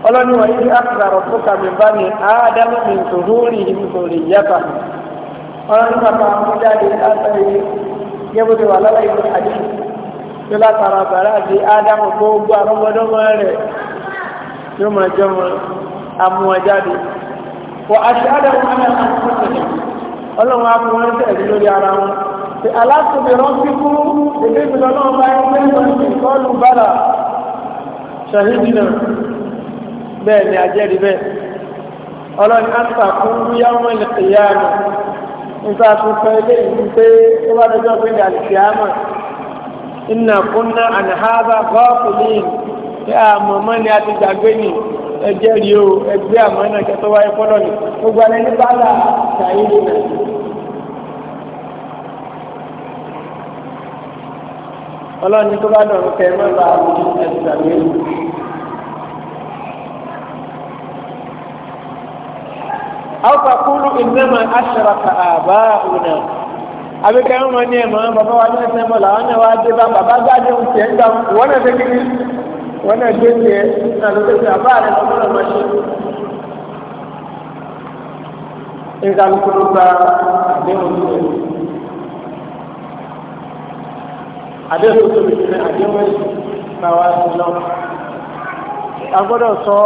ọlọ́niwà yìí àkàrọ̀ fúkà mi bá mi ádámù mi tòhúrì mi tòhúrì yàtà ọlọ́niwà bá mú jáde látàrí yẹ́bùdó wà lọ́wọ́ ìlú gbogbo yóò máa jẹ́ wọn amúwájáde wọ aṣáájú àwọn ọmọ àwọn ọmọdé ọlọ́run á fún wọn ara wọn ti alákòbìrán kíkú èdè ìgbìlọ náà bá ń gbé wọn sí ìkọlù bára ṣàhídìnà bẹ́ẹ̀ ni àjẹ́rìí bẹ́ẹ̀ ọlọ́run á fà fún yáwọn ìyá pé àmọ̀mọ́ ni a ti gbàgbé ni ẹjẹ́ rí o ẹgbẹ́ àmọ́ náà kẹtọ́ wáyé fọ́lọ́ ni gbogbo alẹ́ ní bàlá ṣàyè nìyà. ọlọ́run ní tó bá dọ̀rọ̀ kẹ́ ẹ má bàa ẹ̀sùn àgbẹ̀ yìí. aw ka kulu inama asharaka abauna abe kẹ́ ẹ mọ ní ẹ̀ mọ́ bàbá wa ní ẹsẹ̀ mọ́ làwọn yẹn wá dé bá bàbá gbàdé ń tiẹ̀ ń gbà wọ́n náà fẹ́ kékeré wọn náà gbé tiẹ̀ alùpùpù àbá rẹ lọ́gbọ́dọ̀ máa ṣe. ìdálùkù ló gba àdéhùn tó rẹ àdéhùn tó rẹ ti rẹ àdéhùn ẹ̀sìn bá wa sí lọ. a gbọ́dọ̀ sọ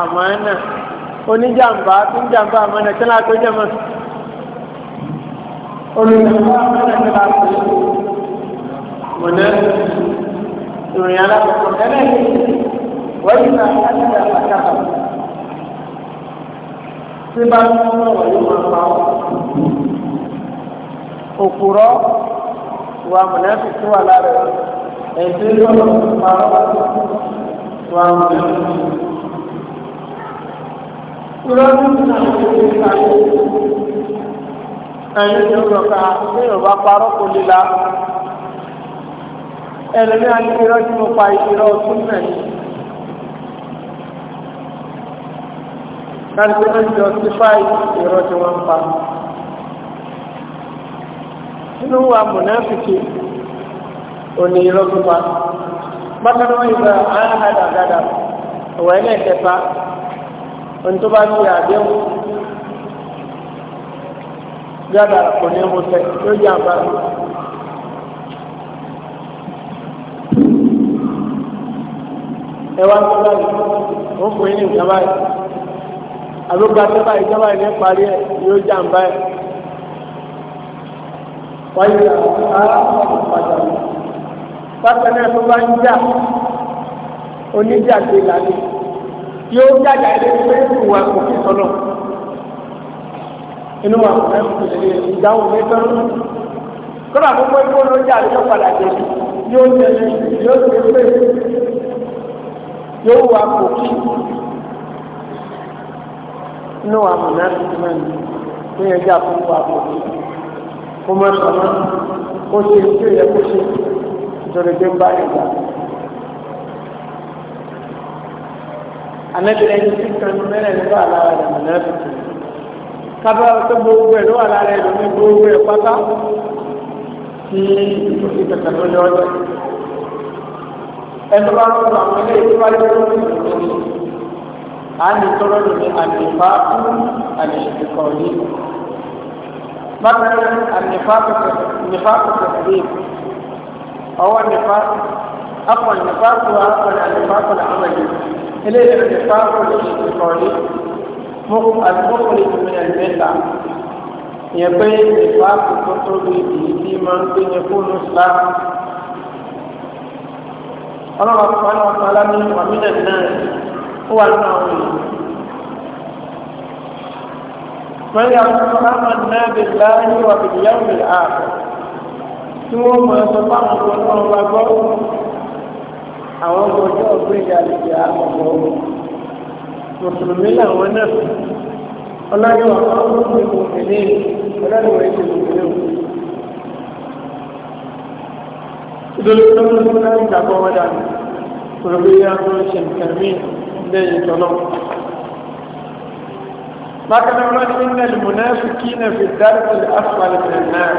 àmánà oníjàmbá tó ń jàmbá àmánà tí wọ́n á gbé jẹ́mọ̀ olùdókòwò àmánà tí wọ́n á gbé mọ̀nà ìròyìn alákòókò ẹlẹ́yìn wọ́n ti ta ẹ̀ka àkàkà tí bá ń sọ̀rọ̀ yóò máa pa ọ́ òkúrọ́ wa mọ̀lẹ́bí tí wà lára ẹ̀ tí ó lọ́ parọ́ wa mọ̀lẹ́bí. Ìrọ́lú náà ló ń ta ẹ̀yìn ìrọ̀ka ní Yorùbá parọ́ kò lè la ẹlẹ́ni àdìrọ́ tí mo pa ìrọ̀ ọ̀tún náà ni. Kálíkì ló ń jọ sí fáì ìrọ̀ tí wọ́n ń pa. Nínú wa mùnáfìkì òní ìrọ̀ pípa. Bákan náà ìgbà àádàgàdà ọ̀wọ́ ẹlẹ́ẹ̀kẹta ohun tó bá ti àdéhùn gbàdà kò ní mú sẹ́ yóò jẹ́ àbára. ẹwà tó báyìí ó fún yín ní ìjọba yìí àlùgbà tó báyìí ìjọba yìí ní parí ẹ yóò já ń báyìí wáyé ara ọ̀pọ̀lọpọ̀ pàtàkì náà tó bá ń jà oníjàgbé lálẹ́ yóò jàjà ilé pé ìwà kò fi sọ́nà inú wa kò fẹ́ kò ìdáhùn ní tọ́lú kọ́nà àkókò ìgbóná jà ló padà jẹ́ yóò jẹ́ yóò jẹ́ pé yóò wá kòkì inú wa múná tuntun náà ni tó yẹ kí àkókò wa kòkì kó má sọmọ kó ṣe tó yẹ kó ṣe nítorí pé ń bá yẹn gbà. anabirẹ ní ti kan mẹrẹ nígbà lára rẹ múná tuntun kábà tó gbogbo ẹ ló wà lára ẹ lómi gbogbo ẹ pátá tí ìtòkè kàkà ló yọ ọjọ́. ẹni bá ń lọ àwọn ilé ìtura yẹn ló ń lò lórí à ń tọrọ lórí àlèfáàkù àlèṣèkọ̀ọ́lì bákan àlèfáàkù tẹ̀sílẹ̀ ọwọ́ àlèfáàkù akọ àlèfáàkù akọ àlèfáàkù làmàlì ilé àlèfáàkù àlèṣèkọ̀ọ́lì mọ́kù àlùmọ́kùnrin ìgbìmọ̀ ẹ̀mẹ́ta ìyẹn pé àlèfáàkù tó tóbi ìdí máa ń gbé ní fóònù sáà. ọlọ́run àti wọn náà sọlá ní wàmílẹ̀ náà ó wà nínú àwọn èèyàn. wọ́n yà wọ́n sọ àwọn náà bè láàyè wà bè yà wè á tí wọ́n mọ̀ ẹ́ sọ fáwọn tó náà wà gbọ́ àwọn ọjọ́ ọ̀gbìn ìyàlejò àgbọ̀gbọ̀ mùsùlùmí làwọn náà ọlọ́run àwọn ọmọ ìgbìmọ̀ ìdólé tọ́lọ́ tó náà ìgbàgbọ́ wọn dànù òrògbé yá tó ń ṣe nǹkan mí lẹ́yìn tọ́lọ́ bákan náà wọ́n ní nílẹ̀ mùnáfíkì náà fi dárẹ́sì asfalẹ̀ tẹ̀lẹ̀ náà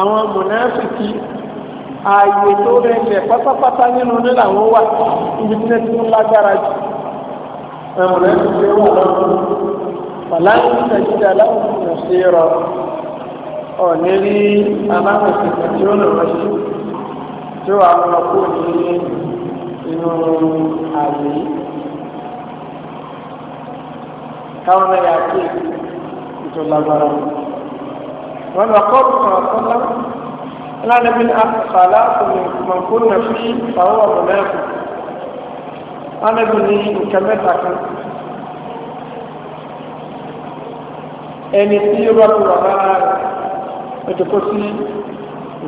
àwọn mùnáfíkì ààyè tó rẹ̀ǹdẹ̀ pátápátá nínú nílẹ̀ àwọn wà ibi tí wọ́n ti lágbára jù àwọn wà lọ́wọ́ fàlàyé ìtàjídà láwọn mùnáfíkì rọ ọ̀ nílí aláwọ̀ ìtàjídà tí ó lọ́wọ́ tí wàá lọ kó ní inú àyè káwọn náà yà kí ètò lágbára wọn lọ kọ́ ọ̀tún ọ̀tún náà lánàá bí àkàlà mọ̀nkún náà fi fàwọn ọ̀rọ̀ náà kù lánàá bí ní nǹkan mẹ́ta kan ẹni tí yóò bá kú wà lára ètò kó sí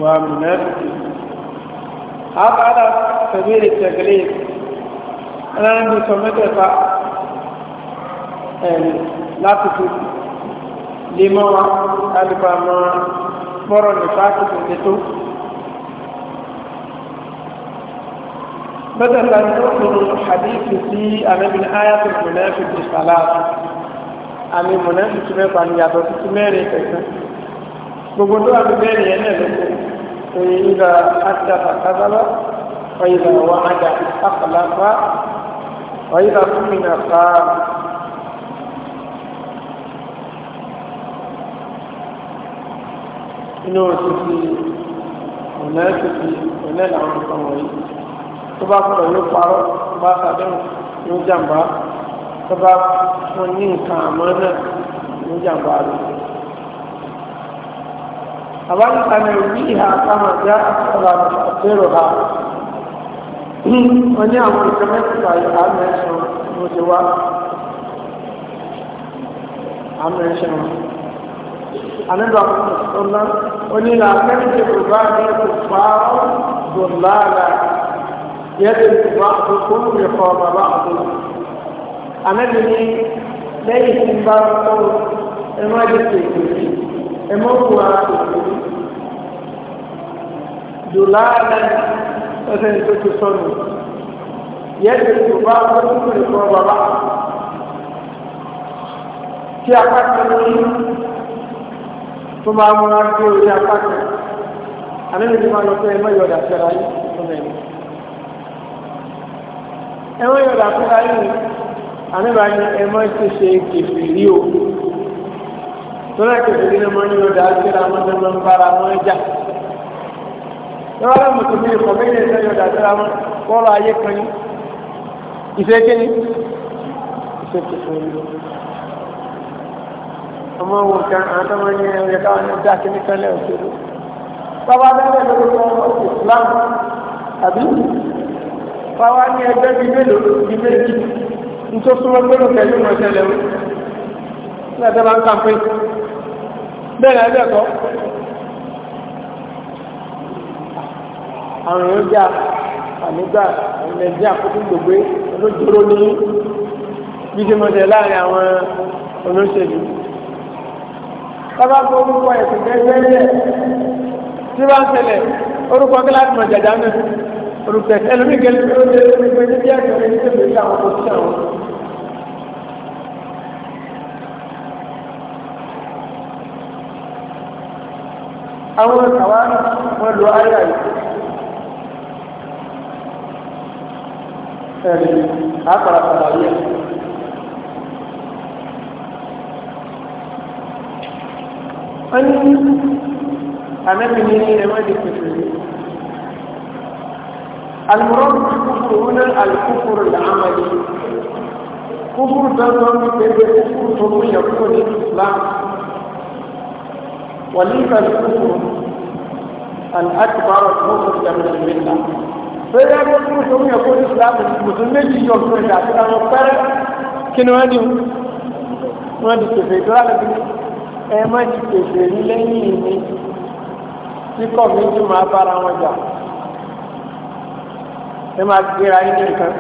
wàá mìíràn. هذا على سبيل التقليد أنا عندي سمتك لا تفيد lèmọ́ wa kálífà mọ́ bọ́rọ̀ nípa tuntun ti tó. Bẹ́tẹ̀ ta ni ó kúrò hadithi sí àmẹ́bìn ayat mùnẹ́fì ti sàlátì. Àmì mùnẹ́fì ti mẹ́fà ni yàtọ̀ sí فإذا حدث كذب وإذا وعد أخلف وإذا أمن قام inú títí ọ̀nà títí ọ̀nà làwọn nǹkan wọ̀nyí tó bá sọ̀rọ̀ yóò parọ́ tó bá sàdéhùn yóò jàǹbá tó bá fún ní nǹkan àmọ́ náà yóò jàǹbá rẹ̀. أول أنويها كما جاء فلا نفسرها وني أمر كمان كاي أنا شو مجوا أنا شو أنا دعوة الله وني لا تنسى عبادي الكفار ضلالا يدل بعضكم رقاب بعض أنا بني ليس بارقوا إما جسدي إما هو رأيي jùlá lẹ́nu ẹsẹ̀ tó ti sọnù yẹ́dẹ̀ tó bá gbọ́dọ̀ ìfọ̀ bàbá tí apá kan ní tó máa múra gbé orí apá kan àmì ti máa lọ pé ẹmọ ìyọ̀dà fẹ́ra yìí fún ẹ̀mí ẹmọ ìyọ̀dà fẹ́ra yìí àmì bá ní ẹmọ ìṣẹ̀ṣe kẹfìrí o tó náà kẹfìrí ni wọ́n ní fẹ́ra wọn ní wọ́n ń bára lọ́wọ́ mùsùlùmí ìkọ̀ méjì ẹ̀sẹ̀ yóò dàgbéra mú kọ́rọ̀ ayé kan ní ìṣe kíni ìṣe tuntun yìí ọmọ wo kan àwọn tó máa ń yẹ ẹ̀yẹ káwọn ní dá kíní kan lẹ́yìn òṣèlú bàbá dábẹ́ lórí ọ̀rọ̀ Islam àbí bàbá ní ẹgbẹ́ bíi mélòó bíi méjì nítorí súnmọ́ gbẹ́rù kẹ́lú ìmọ̀ ìṣẹ̀lẹ̀ wọn ní ẹ̀dá ń kàmpé bẹ́ẹ̀ ni ẹgbẹ́ kọ́ àwọn èèyàn jà ànígbà nàìjíríà àkókò gbogbo olójúró ní gbígbémọ̀tẹ̀ láàrin àwọn olóṣèlú. sábàbí orúkọ ẹ̀sìn gẹ́gẹ́ tí bá ń ṣẹlẹ̀ orúkọ kíláàsì mọ̀ jàjà náà orúkọ ẹ̀sìn ẹlòmíì gẹ́gẹ́ bí ó lé ẹgbẹ́ ní díẹ̀ tó lé ní ìgbésẹ̀ ìgbésẹ̀ àwọn òṣìṣẹ́ àwọn. àwọn àwọn àwọn lo ayé àyè ẹ̀rí àpàrà أن أمام من نماذج àmẹ́bí المراد بالكفر هنا الكفر العملي كفر تنظر بين كفر ثم يكون الاسلام وليس الكفر الاكبر كفر من المله bẹ́ẹ̀ yá kó mùsùlùmí yẹ kó ní ìsìlámù mùsùlùmí méjì yọ fún ẹ̀dá àti àwọn pẹ́rẹ́ kí ni wọ́n di wọ́n di pèsè ìdúrà lẹ́bi ẹ má di pèsè ní lẹ́yìn mi tí kò mí ju máa bára wọn jà ẹ máa gbéra yín ní nǹkan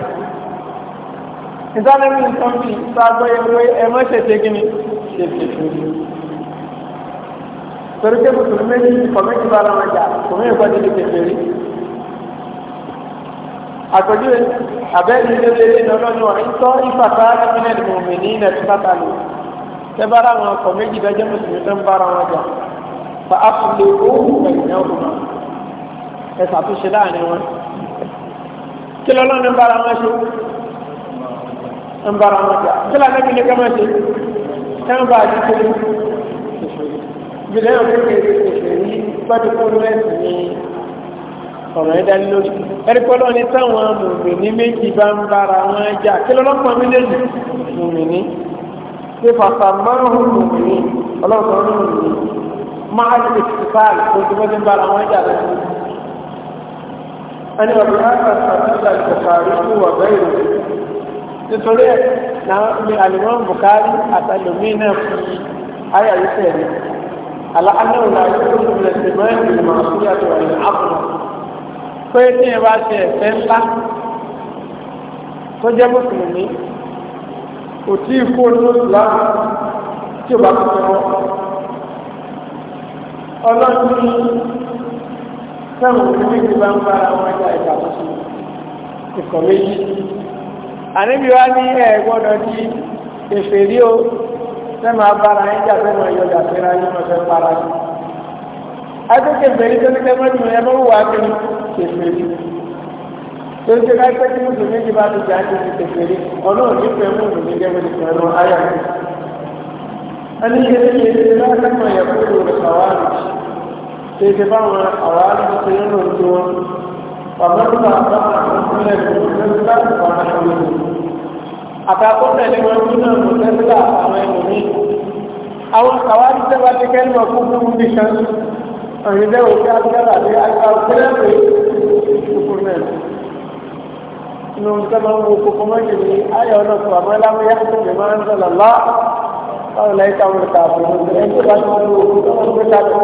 ìdánilẹ́bí nǹkan bíi sáàgbọ́ yẹ pé ẹ má ṣètè kí ni ṣètè fún mi torí pé mùsùlùmí méjì kò méjì bára wọn jà kò mí ìkọ́ni ní pèsè rí àpèjúwe àbẹ́ni lélẹ́lẹ́ lọ́lọ́nù ọ̀rìntọ́ ìfàtà nípínlẹ̀ mọ̀mí ní ilẹ̀ tó bàtà lò tẹ́ bá ara wọn ọkọ̀ méjì dájọ́ mùsùlùmí tó ń bára wọn jà fa áfúlé owó ẹ̀yìn ọ̀hún ẹ ṣàtúnṣe láàrin wọn kí lọ́lọ́nù ń bára wọn ṣe ń bára wọn jà kí lọ́lọ́nù ní kẹ́mọ́ ṣe ẹ̀ ń bá a dìde ìbílẹ̀ òkè ọ̀rọ̀ yẹn dání lórí ẹ̀ríkọ́lọ́ ni táwọn mùmìnì méjì bá ń bára wọn jà kí lọ́lọ́pàá méjèèjì mùmìnì ṣé fàfà márùn-ún mùmìnì ọlọ́run tó ń mùmìnì máa ń tètè fáàlì tó ti mọ́tí ń bára wọn jà lọ. ẹni wà bíi àgbà sàbíkà ìbùkárì fún wà bẹ́ẹ̀ rẹ̀ nítorí ẹ̀ náà mi àlùmọ́ bùkárì àtàlùmí náà fi ayà yìí tẹ̀lé àlà anáwó náà yóò pé tí ẹ bá ti ẹ̀fẹ́ ńlá tó jẹ́ mùsùlùmí kò tí ì kó ní ìlà tí ò bá kó tẹ́wọ́ ọlọ́run ní sẹ́wọ̀n níbi tí bá ń bá àwọn ẹja ìgbà tuntun ìkọ̀ méjì àníbi wá ní ẹ̀ di èfèrí o sẹ́wọ̀n abára ẹja sẹ́wọ̀n ìyọ̀dà síra yìí wọ́n fẹ́ para yìí. adókè bẹ̀rẹ̀ tó ní kẹfẹ́ ní ẹ bá wà kí kẹfẹ́ rí tó ń ṣe ká pẹ́ tí mùsùlùmí ti bá ti jà ń tẹ̀sí kẹfẹ́ rí ọ̀nà òní fẹ́ mùsùlùmí gẹ́gẹ́ bí kẹrù ayà rẹ̀. a ní ṣe ṣe ṣe láti mọ ìyàkúrò rẹ̀ àwárí ṣe ṣe báwọn àwárí ti ṣe nínú ojú wọn pàmẹ́tà àbáwọn àkọsílẹ̀ ìgbésílẹ̀ àtàwọn ẹ̀mí àtàkọ́tẹ̀lẹ̀ wọn nínú ìgbésílẹ̀ àtàwọn ẹ̀mí àwọn àwárí tẹ́wàá ti kẹ́ àyìnbẹ́ òkè agbára àti agbára pẹ́lẹ́pẹ́ kúkúrú náà inú nǹkan máa ń wo kókó máa ń jẹ ní ayọ̀ ọ̀nà tó àmọ́ ẹlámúyá tó lè máa ń sọ̀lọ̀ lá báwo la ìta wọn kàá fún un ẹni tó bá ti wọn wò tó wọn gbé dáko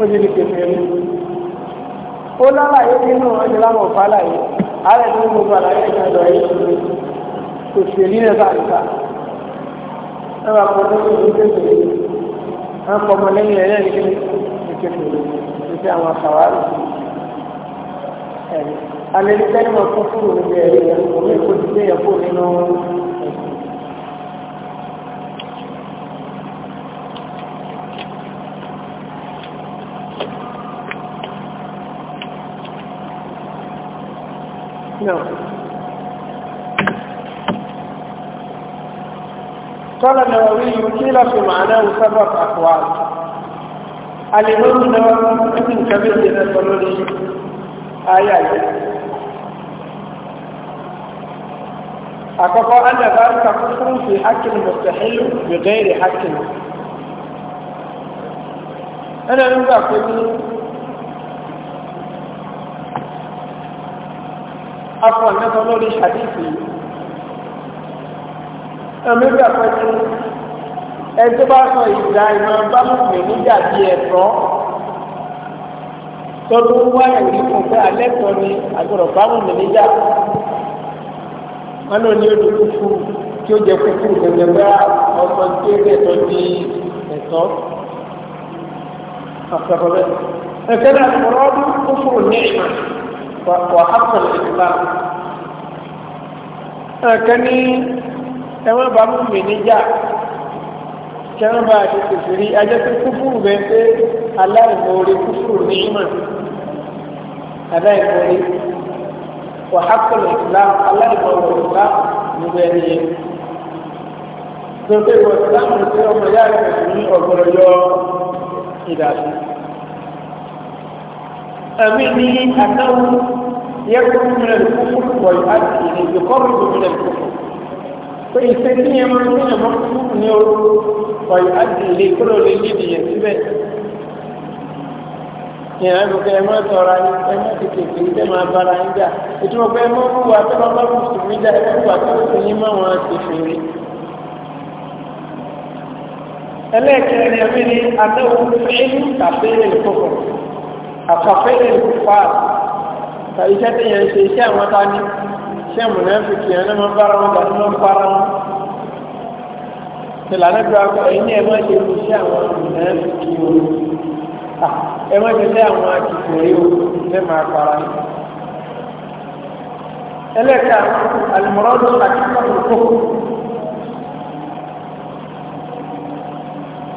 ó ti di kèfé mi. ó lálàyé nínú ọjọ́ láwọn ọ̀fà láyé ààrẹ tó ń gbogbo àlàyé ìgbà lọ yé kò sí èyí náà bá nìka ẹ bá kọ́ tó ń gbé kèfé ẹ kọ́ ọmọ lẹ́yìn ẹ̀rẹ́ kékeré títí àwọn àkàwárí ẹ̀rí alẹ́lẹ́tẹ́ni wọn fún fúrò níbi ẹ̀rí rẹ̀ omi ti gbé yẹn nínú ẹ̀sìn قال النووي قيل في معناه سبب أقوال alìmọ́rù náà ẹ̀kí nǹkan bí ìjẹ́ ẹ̀kọ́ lórí ayé àyè àkọ́kọ́ ánàbá kàkú fún fi hákìlì mọ̀tẹ̀hìlì gbẹ̀gẹ́rì hákìlì ẹ̀nà nígbà pé ní afọ̀ nẹ́kọ́ lórí ṣàdífì ẹ̀mẹ́gbà pé ní ẹni tó bá sọ ìdá ìmọ̀ bá mọ̀mí níjà bí ẹ̀tọ́ tó tó ń wáyà ní kòkó alẹ́ kan ní àgbọ̀dọ̀ bá mọ̀mí níjà wọn náà ní ojú kúkú tí ó jẹ kúkú gbẹgbẹgbẹ ọmọ tí ó lẹ́tọ́ ní ẹ̀tọ́ àfẹ́fẹ́ ẹ̀kẹ́ náà kọ̀rọ̀ ọdún kúkúrú ní ìmọ̀ wà á kọ̀ ìgbà ẹ̀kẹ́ ní ẹ̀wọ̀n bá mọ̀mí níjà. كان باك تسري أجل الكفر بنت الله يقول كفر نعمة هذا يقول وحق الإسلام الله يقول الإسلام مبارية سوف يقول الإسلام يقول مجال المسلمين وقول اليوم إذا أمني أنه يكون من الكفر ويؤدي يقرب من الكفر pé ìfẹ́ tí yẹn máa ń ní ẹ̀mọ́ fún ní orú ọ̀yọ́ àdìlé kúrò lè ní ìdíyẹ síbẹ̀ yẹn á gbogbo ẹ máa tọrọ ayé ẹ máa tètè pé ẹ máa bára yín jà ìtumọ̀ pé ẹ máa wù wá tó bá bá mùsùlùmí jà ẹ máa wù wá tó sì ní máa wọn ti fèrè. ẹlẹ́ẹ̀kẹrin ẹ̀mí ni adáwò fẹ́ẹ́lú kàfẹ́rẹ́ ìkọ̀kọ̀ àkàfẹ́rẹ́ ìkọ̀fà iṣẹ́ tí yẹn ṣe iṣẹ́ àwọn tá a ní tí a mùnàfíkì yẹn náà máa bára wọn dàbí máa para wọn tìlà náà gba ọkọ ẹ̀yìn ẹ̀ máa ṣe iṣẹ́ àwọn mùnàfíkì o ẹ máa ṣe iṣẹ́ àwọn akìkìrì o ṣe máa para wọn. ẹlẹ́ka alimọ̀rọ́dún àkíkọ̀ọ́ kò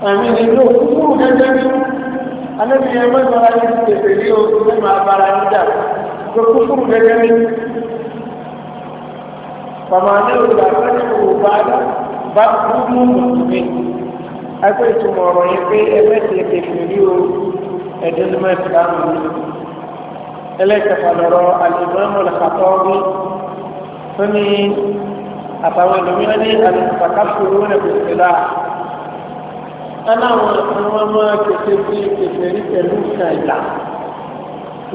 àmì ìlú kúrú gẹ́gẹ́ bí alẹ́bí ẹ máa sọ̀rọ̀ ayé ti tẹ̀sẹ̀ rí o ṣe máa para wọn dà kó kúrú gẹ́gẹ́ bí fàmàlẹ́ òdà fẹ́lẹ́ òwúgbà bá kúrú mùsùlùmí ẹgbẹ́ ìtumọ̀ ọ̀rọ̀ yẹn pé ẹgbẹ́ ti ẹ̀kẹ́ fìrí o ẹ̀dẹ́numọ̀ ìsìlámù ni ẹlẹ́kẹ̀fà lọ́rọ̀ alìmọ́mọ́ làkàtọ́ wí tó ní àtàwọn ẹlòmíràn ní àtàkàfòrò rẹ̀ kò sí láà aláwọn àwọn ọmọ kẹsẹ̀ sí kẹsẹ̀ rí pẹ̀lú ìkà ìlà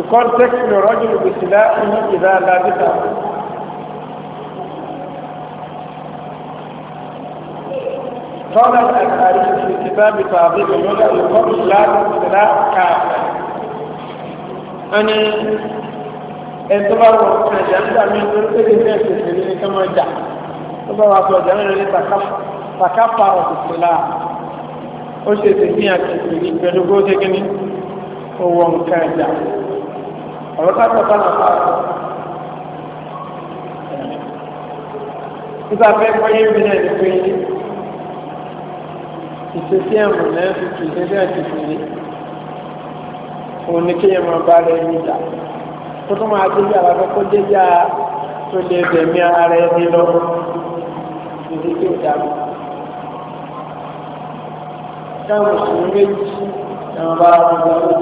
ìkọ́ńtẹ́kì lọ́rọ̀ jùlọ kò sí láà ní ìdá alábìtà قال الأثاري في كتاب تعظيم الهدى يقول لا تبتلى كافر أنا اعتبر كجنة من تركه الناس في كما جاء تبقى أصلا جميل تكفر بالسلاح ó ṣe ti fi hàn kìkìrì pẹ̀lú bó ṣe kí ni owó nǹkan ẹ̀dá ọ̀rọ̀ káàkiri ìṣesí ẹ̀mọ̀ náà fi kì í ṣe bẹ́ẹ̀ ti fèrè òun ni kí ẹ̀mọ̀ bá rẹ̀ ní ìjà tó tó máa déjà wà kọ́kọ́ déjà tó lè bẹ̀mí ara ẹni lọ́wọ́ ìdí tí ó dàbí. táwọn òṣèlú méjì náà bá wọn lọ sí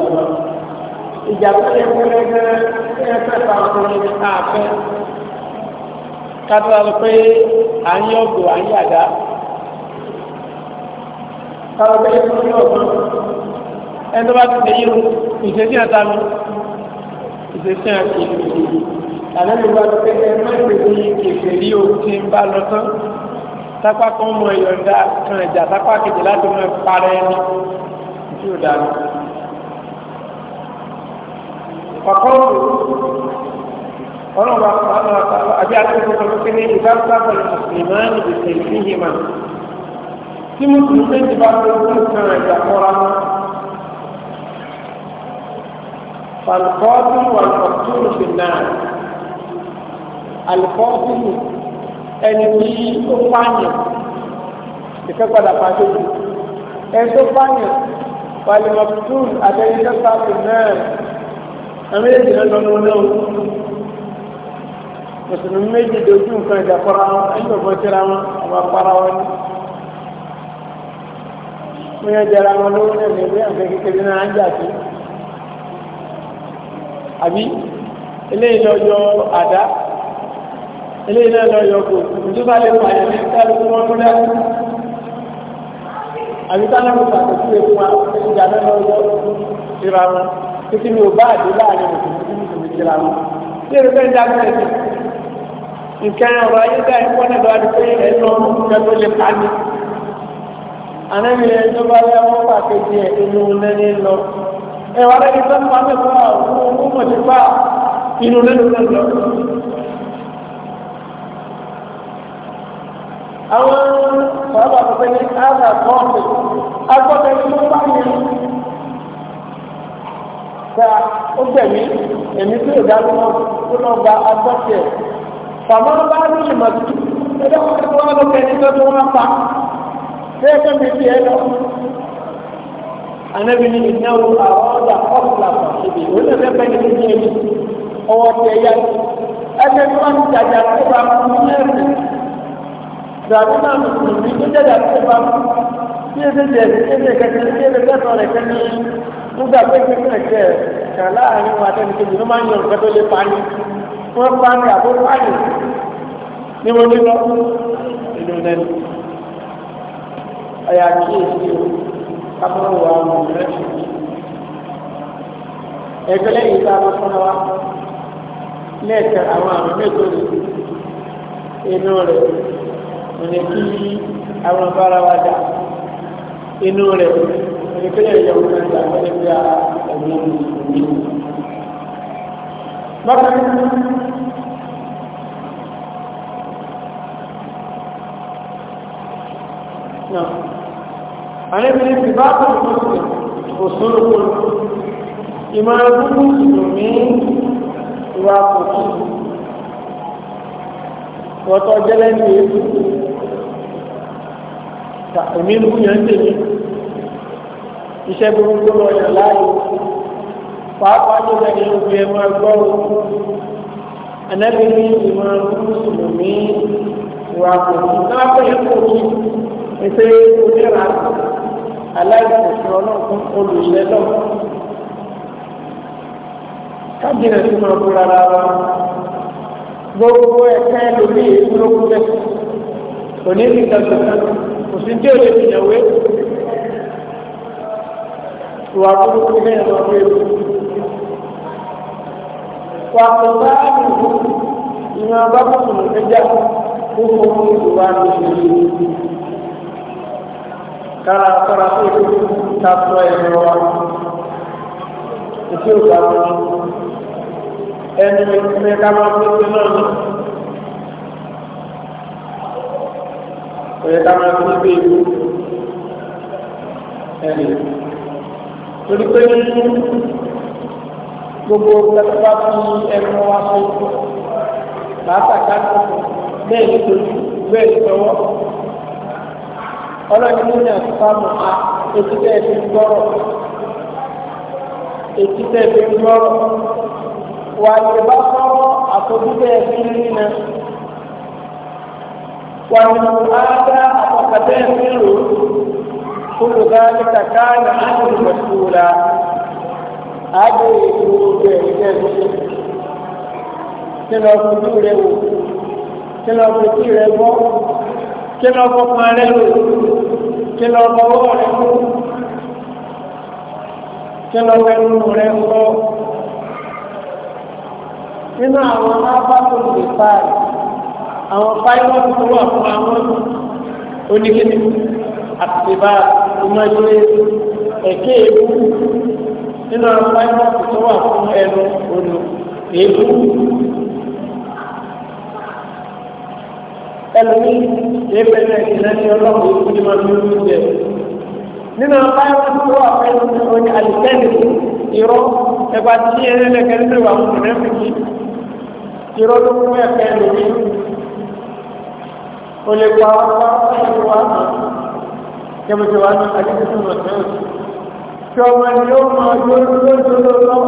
ìjọba ìjà tó lè mú lẹ́gbẹ̀rẹ́ ní ẹgbẹ́ pàápàá ní àfẹ́ kábíyà lọ pé à ń yọ̀gbọ̀ à ń yàgá káwọ́ bẹ́ẹ̀ fún yóò fún ẹni tó bá ti ṣe yíru ìṣesí àta mi ìṣesí àti ìṣesí àlẹ́ mi wá pé ẹ má pè ní kèfèrí o ti ń bá lọ tán sápá kan mọ ìyọ̀ǹda kan ìjà sápá kejì láti mọ ìparẹ́ ẹni tí ó dáa kọ̀kọ́rù ọlọ́run àti àti àti àti àti àti àti àti àti àti àti tí mo tún fẹ́ ti bá tó tó kan ẹ̀dá mọ́ra mọ́. Fàlùkọ́tù wà lọ́tún fi náà. Àlùkọ́tù ẹni tí ó pààyàn ìfẹ́ padà pàṣẹ jù. Ẹni tó pààyàn fàlùmọ̀tún àtẹ̀yìn tó sáfì náà. Àwọn èdè náà lọ́nà náà. Mùsùlùmí méjì dojú nǹkan ìjà wọn, ẹni tó bọ́ síra wọn, àwọn apára wọn wọ́n yẹ jẹra wọn lówó náà lè rí àfẹ́ kékeré náà á jà sí. àbí eléyìí lọ yọ àdá eléyìí náà lọ yọ kò tó bá lè pa ẹ̀ ní kálukú wọn tó dákú. àbí táwọn kò pàtó sí ewu wa ìjà náà lọ yọ ìra wọn títí mi ò bá àdé láàrin òkùnkùn tí mi ìra wọn. bí èrè bẹ́ẹ̀ dá bẹ́ẹ̀ sí nǹkan ọ̀rọ̀ ayé dá ẹ̀kọ́ náà lọ́wọ́ ànábi rẹ̀ tó bá lẹ́ wọ́n pàkejì ẹ̀ inú lẹ́ni lọ. ẹ wà lẹ́ni tó ń pa mí fún àwọn ọmọ mọ̀ sí pa inú lẹ́nu lẹ́nu lọ. àwọn bàbá àtọ́fẹ́ ní àgbà kọ́ọ̀tù agbọ́dọ̀ ní ló bá yẹn. ta ó gbẹ̀mí èmi tó ìdá ló lọ gba agbọ́tẹ̀. fàmọ́ bá ní ìmọ̀ tó ẹgbẹ́ wọn ló kẹ́ni tó tó wọn pa bẹ́ẹ̀ tó mi fi ẹ lọ. Ànábi ní ìnáwó àwọn ọ̀dà ọ̀fìlà pàṣẹbì ó lè fẹ́ ní ní ẹni ọwọ́ ti ẹ̀yà. Ẹgbẹ́ tó ń jàjà tó bá fún ní ẹ̀sìn. Ìgbàgbọ́ náà mùsùlùmí tó jàjà tó bá fún bí ẹsẹ̀ jẹ̀ sí ẹsẹ̀ kẹsẹ̀ sí ẹsẹ̀ kẹsẹ̀ rẹ̀ kẹ́ni nígbà pé kẹsẹ̀ kẹ̀ kà láàrin wa tẹnikẹ́ni ló máa ń yọ nǹkan tó lè pani. Wọ́n pani àbó pani ni mo ní lọ. Ìlú nẹ́nu ọ̀yà kíyèsí o kámọ́rọ̀ wà mọ̀ lẹ́sìn ẹgbẹ́ lẹ́yìn tá a máa fọ́nà wa lẹ́ẹ̀kẹ́ àwọn àrùn mẹ́tòrò inú rẹ̀ òní kí àwọn bára wa dà inú rẹ̀ òní kí lè yọ òun ẹ̀dá ẹ̀dá bí a ẹ̀mí òní. bákan náà àrẹ́bìnrin ti bá kò mọ́sílẹ̀ òṣòròkò ìmọ̀ ẹgbùn ìlúmí ìwà kòkó wọ́tọ̀ jẹ́lẹ́ ní èébù èmi ń búyàn tèmi iṣẹ́ burúkú lọ yàn láàyè pàápàá tó lẹ́yìn obi ẹ̀mọ ẹgbọ́ òkú anábìnrin ìmọ̀ ẹgbùn ìlúmí ìwà kòkó náà pẹ̀lú kòkó ẹsẹ̀ onírànà aláìsàn ọlọ́kùn olùsẹ́lọ́ kábìnà tí wọ́n kú rárá wa gbogbo ẹ̀ka ẹlòmí ìlókùn bẹ́ẹ̀ kò ní ní kankan kò sí tí ò lè fi yàwé ìwà burúkú ní ẹ̀rọ pé wà kò bá àdùnkù ìwọ̀n bá kò sùn níjà kó fọ́ fún ìwà àdùnkù yìí kára sọ́ra pé kó ta sọ ẹnu wa ètí ò bá wọn ẹnu ní ká máa ń pèsè náà nù. Oye ká máa fi gbé ìlú ẹni. Torí pé ní gbogbo ìgbàgbọ́ fi ẹnu wa ṣe látàkà bẹ́ẹ̀ ni tojú bẹ́ẹ̀ ni ọlọ́run ní ìyá fáàmù a etí tẹ́ ẹ fi ń gbọ́rọ̀ etí tẹ́ ẹ fi ń gbọ́rọ̀ wà ní ìbá fọ́rọ́ àfojú tẹ́ ẹ fi ń rí na wà ní àádá àpapọ̀ tẹ́ ẹ fi ń rò olùgbà níta káàdì àdùn mọ̀tòrà àdùn ìgbòho ẹ̀ tẹ́ ẹ fi ṣe lọ fojú rẹ wò ṣe lọ fojú rẹ gbọ́ kí lọ fọkàn rẹ lò kí lọ fọwọ́ rẹ lò kí lọ fẹnu rẹ lọ nínú àwọn ábákò lè fa àwọn pilot tó wà fún àwọn oníkíní àtìbá ìmọ̀lẹ́ ẹ̀kẹ́ èébú nínú àwọn pilot tó wà fún ẹnu ònà èébú. ẹlòmí ìpẹlẹ ìrẹsì ọlọ́run yìí kúndé máa fi ojú jẹ nínú báyọ̀ tó wà pẹ̀lú oní àlùkẹ́lì ìrọ ẹgbà tí ẹlẹ́lẹ́kẹ́ ń lò àwọn ìrẹ́fìkì ìrọ ló kún ẹ̀kẹ́ ẹlòmí o lè pa ọ̀pá ẹ̀lú wa mọ̀ kẹ́mọ̀tì wa ní àdínkù mọ̀ sẹ́wọ̀n tí ọmọ ni ó máa yọ lójoojúmọ́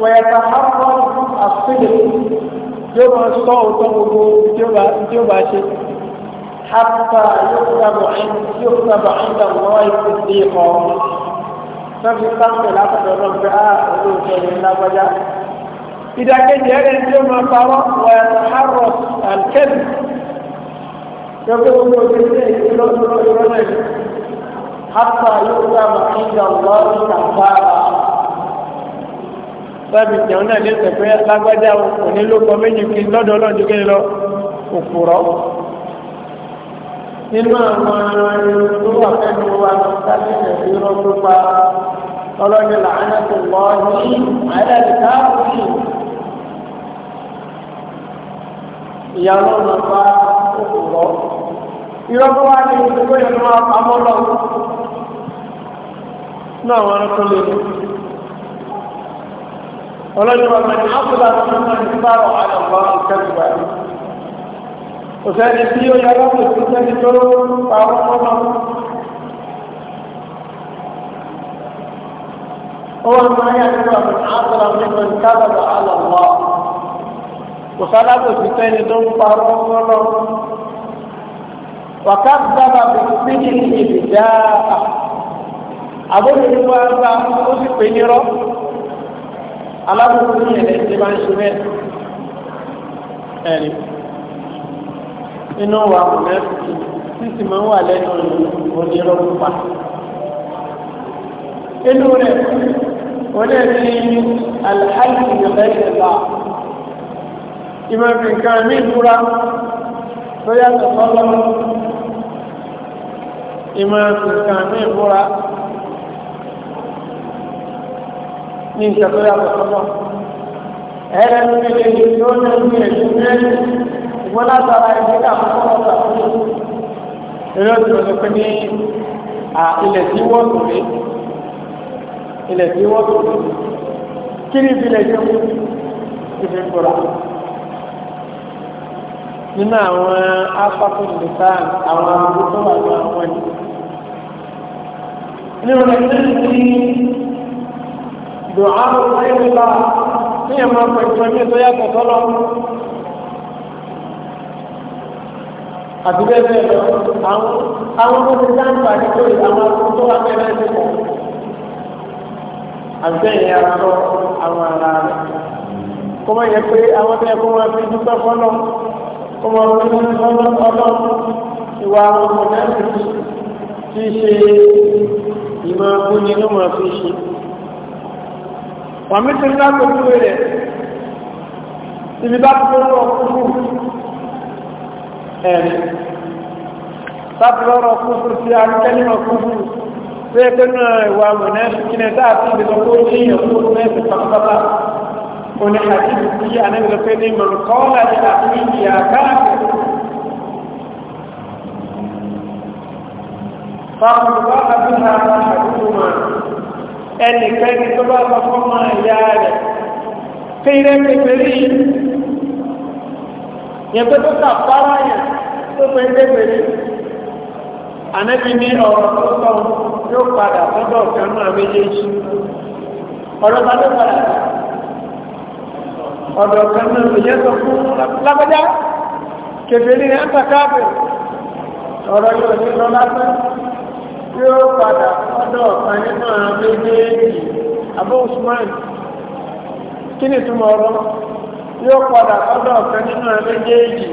wọ̀yẹ̀ta àpọ̀ àfihàn tí ó máa sọ òótọ́ gbogbo tí ó bá ṣe hapa yóò dábọ̀ yóò dábọ̀ ẹ̀ńdà wọ́n ìpè sí ìkọ́ sọ́fí sáńpẹ̀ látọ̀dọ̀ náà pé á olóòótọ́ ní lágbájá. ìdàkejì ẹ̀rẹ́ tí ó máa parọ́ wọ̀nyàtọ̀ harrods and kevin yóò gbé gbogbo òbí sí ìlọ́dúnrún ìrọ́lẹ̀ hapa yóò dábọ̀ ẹ̀ńdà wọ́n ìkàfàrà sábì jẹun náà ní ẹsẹ̀ pé lágbájá òní ló kọ méjì kí lọ́dọ̀ ọlọ́dún kí lọ òfurọ́ nínú àwọn irun tó wà fẹ́nu wa láti ẹ̀rí rọ́gbó pa ọlọ́dún làánà tó lọ ní àyẹ̀lẹ̀ káàkiri ìyàwó náà bá òfurọ́ ìrọ́gbó wa ní ìdúgbò yẹn máa ọlọ́jọ́ bá máa ní ápùlá tó máa ní sáró àlọ́gbà ìkẹ́gbà kò sẹ́ni tí ó yẹ lọ́pọ̀ sí sẹ́ni tó pa ọmọ náà ó wà máa yà nínú àwọn ápùlá tó máa ní sáró àlọ́gbà kò sáré kò sí sẹ́ni tó pa ọmọ náà wàkàtàbà bí sí ìdíjà àbójútó wa gba ó sì pè ní rọ́ọ̀ alábòkú ní ẹ̀rẹ́ tí bá ń ṣe bẹ́ẹ̀ ẹ̀rí inú wa kò mẹ́fì títí máa ń wà lẹ́nu onírọ́ pupa inú rẹ̀ wọlé ní alhaji ìgbẹ́sẹ̀lá ìmọ̀bí nǹkan mí ìdúrà tó yàtọ̀ sọ́lọ́ ìmọ̀bí nǹkan mí ìdúrà ní ìṣẹ̀tọ́ yàtọ̀ sọ́nà ẹ̀rẹ́ ní ilé ìlú tí ó ní ìlú ẹ̀jú mẹ́rin ìwọ́n látara ẹgbẹ́ àkọ́kọ́ ṣàkóso eré òjò ní pé ní ilẹ̀ tí wọ́n tò lé ilẹ̀ tí wọ́n tò lé kí ni ìbílẹ̀ yẹn mú ìfi kura nínú àwọn afákùn nìkan àwọn arúgbó tó wà àwọn ẹni. nínú ẹgbẹ́ tí dùn áhùn sí nípa ní ẹ̀mọ́ pẹ̀lú ní tó yàtọ̀ tọ́lọ́ àti bẹ́ẹ̀ bẹ́ẹ̀ lọ àwọn àwọn tó ti dáńgbà ní tó àwọn akókò tó wà bẹ́ẹ̀ bẹ́ẹ̀ tó àti bẹ́ẹ̀ yẹn ara lọ àwọn ara rẹ̀ kó má yẹ pé àwọn bẹ́ẹ̀ kó máa fi dúpẹ́ fọ́lọ́ kó máa fi dúpẹ́ fọ́lọ́ fọ́lọ́ ìwà àwọn ọmọ náà ṣe ìmọ̀ abúlé ló máa fi ṣe wàmí tó ní lápẹ̀lú rẹ̀ ibi bá tó lọ́rọ̀ kúrú ẹ̀rì sáàtì lọ́rọ̀ kúrú sí àríkẹ́lìmọ̀ kúrú tó yẹ pẹ́lú ìwà mọ̀nà kíni táà tí ìbí lọ́pọ̀ ní ìyẹ̀kúrú mẹ́sì pàtàkì oní àdìsí sí ànẹ́gbẹ̀lọpẹ́ ní mọ̀nkọ́lá ní àkúrí ìyà káàkiri فقد ضاق بها أحدهما ẹnìkẹ́ni tó bá sọ fún ọmọ ìyá rẹ̀ tí ilé pèpèrè yìí yẹn pé tó kà fara yẹn tó pé pèpèrè ànẹ́bí ní ọ̀rọ̀ tó sọ yóò padà sọ́dọ̀ kanú àméjèèjì ọ̀rọ̀ bá tó padà ọ̀dọ̀ kanú ìyẹn sọ fún lágbájá kèfèrè ní àtàkáàbẹ̀ ọ̀rọ̀ yóò ní lọ lásán tí ó padà fọ́dọ̀ ọ̀kan nínú àwọn méjèèjì abọ́ usman kí ni túmọ̀ ọ̀rọ̀ yóò padà fọ́dọ̀ ọ̀kan nínú àwọn méjèèjì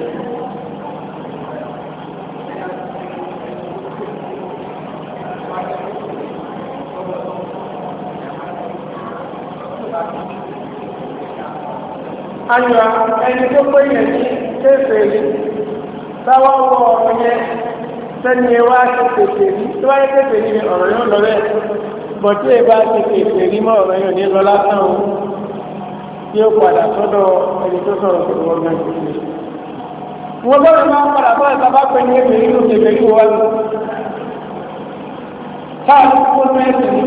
ayọ̀ ẹni tó pé yẹn ní kéfèé táwọn ọ̀rọ̀ yẹn sẹ́ni ẹ wá ṣe tètè rí tó bá yẹ tètè rí ọ̀rọ̀ yóò lọ bẹ́ẹ̀ bọ̀tí ẹ bá ṣe tètè rí mọ́ ọ̀rọ̀ yóò ní lọ lásán o tí ó padà sọ́dọ̀ ẹni tó sọ̀rọ̀ pẹ̀lú ọ̀gá ìṣẹ̀lẹ̀. wọ́n bọ́dọ̀ máa ń padà bọ́ ẹ̀ta bá pẹ́ ní èmi nínú tètè rí wa lọ. táàbù kó mẹ́rin ní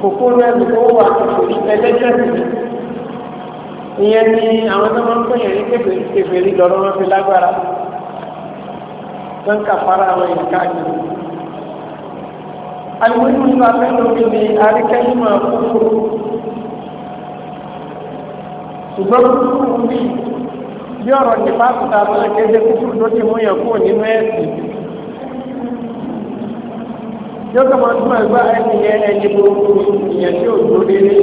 kòkó mẹ́rin tó wà ẹlẹ́jẹ̀ ìyẹn ni àwọn tó máa ń pè don ka fara àwọn nǹkan yìí. alimudu ní wàá fẹ́ẹ́ lókè ní àríkẹ́yìn máa kúkú ṣùgbọ́n kúkú bí bí ọ̀rọ̀ ní pásítà náà kéde kúkú tó ti mú yàn kúrò nínú ẹ̀sìn. yóò kọ́ máa túmọ̀ ẹgbẹ́ ẹni yẹn ẹni burúkú ìyẹn tí ò tó délé.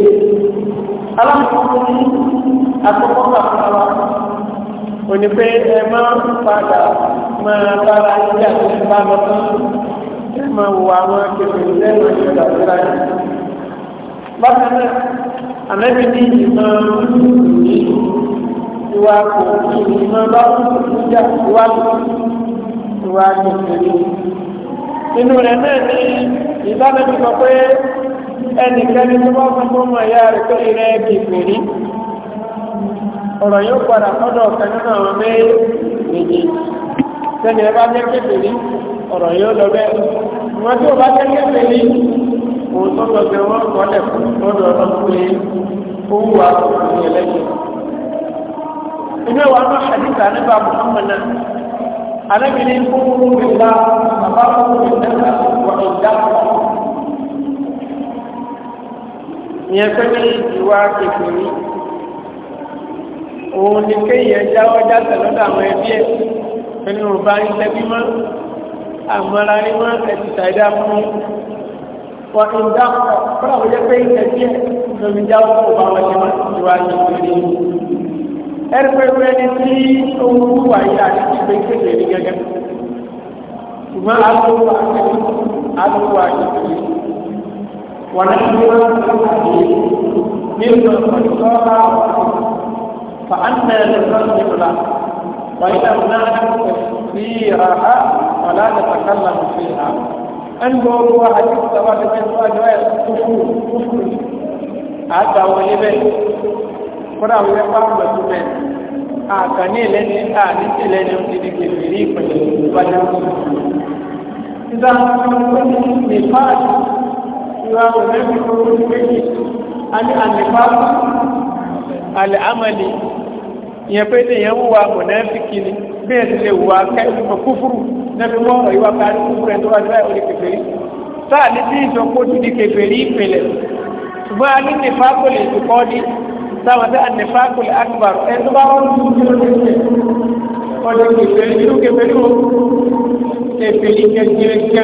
alákòókò ní akọ́kọ́ kàkọ́ wa òní pé ẹ máa ń padà máa bára ilé àti bá lọ tán ẹ máa wo àwọn kẹfìrì lẹ́nu ìṣẹ̀dá síra yìí. bákan náà àmẹ́bí ní ìmọ̀ ní ìwà kò ní ìmọ̀ bá ìjà ìwà kò ìwà kẹfìrì. inú rẹ̀ náà ní ìbánẹ́bí sọ pé ẹnìkan tó bá fún fún ọmọ ìyá rẹ̀ pé ìrẹ́ kẹfìrì ọ̀rọ̀ yóò padà fọ́dọ̀ ọ̀kan nínú àwọn méjèèjì sẹ́ni ẹ bá jẹ́ kékeré ọ̀rọ̀ yóò lọ bẹ́ẹ̀ wọ́n tí o bá jẹ́ kékeré kò tó lọ bẹ wọ́n kọ́lẹ̀ fún lọ́dọ̀ ọlọ́pẹ́ owó wa kò ní ẹlẹ́yìn. inú ẹ̀wọ̀n náà àdìsá nípa muhammadu anábìrin fún ìgbà bàbá fún ìgbà wà ìgbà ìyẹn pé ní ìwà kékeré òun ni kéèyàn jáwọ́ jáde lọ́dọ̀ àwọn ẹbí ẹ̀ ẹni ò bá yín lẹ́bí mọ́ àmọ́ra ní wọ́n ẹ̀sì ṣàìdá fún wọn tó ń dá ọ̀pọ̀ kọ́nà ó jẹ́ pé ìtẹ̀ díẹ̀ lómi já ọ̀pọ̀ bá wọn ṣe máa ti wá ní ìpínlẹ̀ yìí. ẹni pé wọ́n tí ohun wúwà yìí àti ìgbé kéde ní gẹ́gẹ́ ṣùgbọ́n alówó àti alówó àti ìpínlẹ̀ wọn á ti wá sí nínú ọ̀pọ̀ ìṣọ́ra fa'anna lè sọ́ọ́ وإذا نعلم فيها فلا نتكلم فيها انظر واحد يقول لك انت واحد واحد كفور كفور حتى هو يبي فرا هو يقام بسمين اعطاني آه، لني اعطاني آه، لني اعطاني لني اعطاني لني اعطاني لني اعطاني لني اعطاني لني اعطاني لني اعطاني لني اعطاني لني اعطاني لني اعطاني لني اعطاني ìyẹn pé ní ìyẹn wúwa mọ̀nẹ́fìkì ni bí ẹ̀ ti lè wúwa kẹ́kọ̀ọ́ kúfúrú nẹ́bí mọ́ ìwà kan ní kúfúrú ẹ̀ tó wá síláì orí kèfèrí sáà ní tí ìjọpọ̀ ti di kèfèrí ìpìlẹ̀ ṣùgbọ́n a ní nífàkùlì ìtukọ́ ní táwọn tí a nífàkùlì akbar ẹ̀ tó bá wọ́n tún kí ló dé ṣe ọdọ kèfèrí irú kèfèrí o kèfèrí kẹkẹrẹkẹ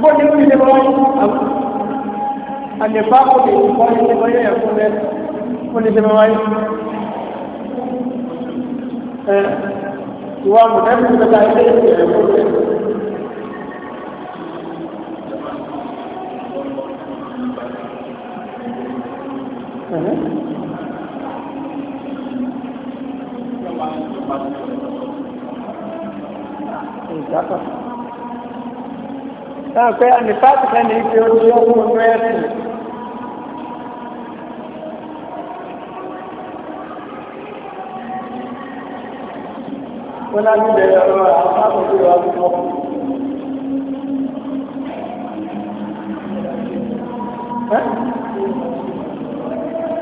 bọ́ọ̀dé wí ni wọ́n a nífàkùlì ìtukọ́ ní ṣe wọ́n yẹ ìwà mọ̀lẹ́bí ìjọba ilé ìṣẹ̀ ẹ̀kọ́ rẹ̀. Ìjákọ̀. Náà pé àmì pàtàkì ní ìpé orí ọkùnrin rẹ̀ wọ́n láti bẹ̀rẹ̀ ọ̀rọ̀ àwọn akọ̀tọ̀ wa fún ọ.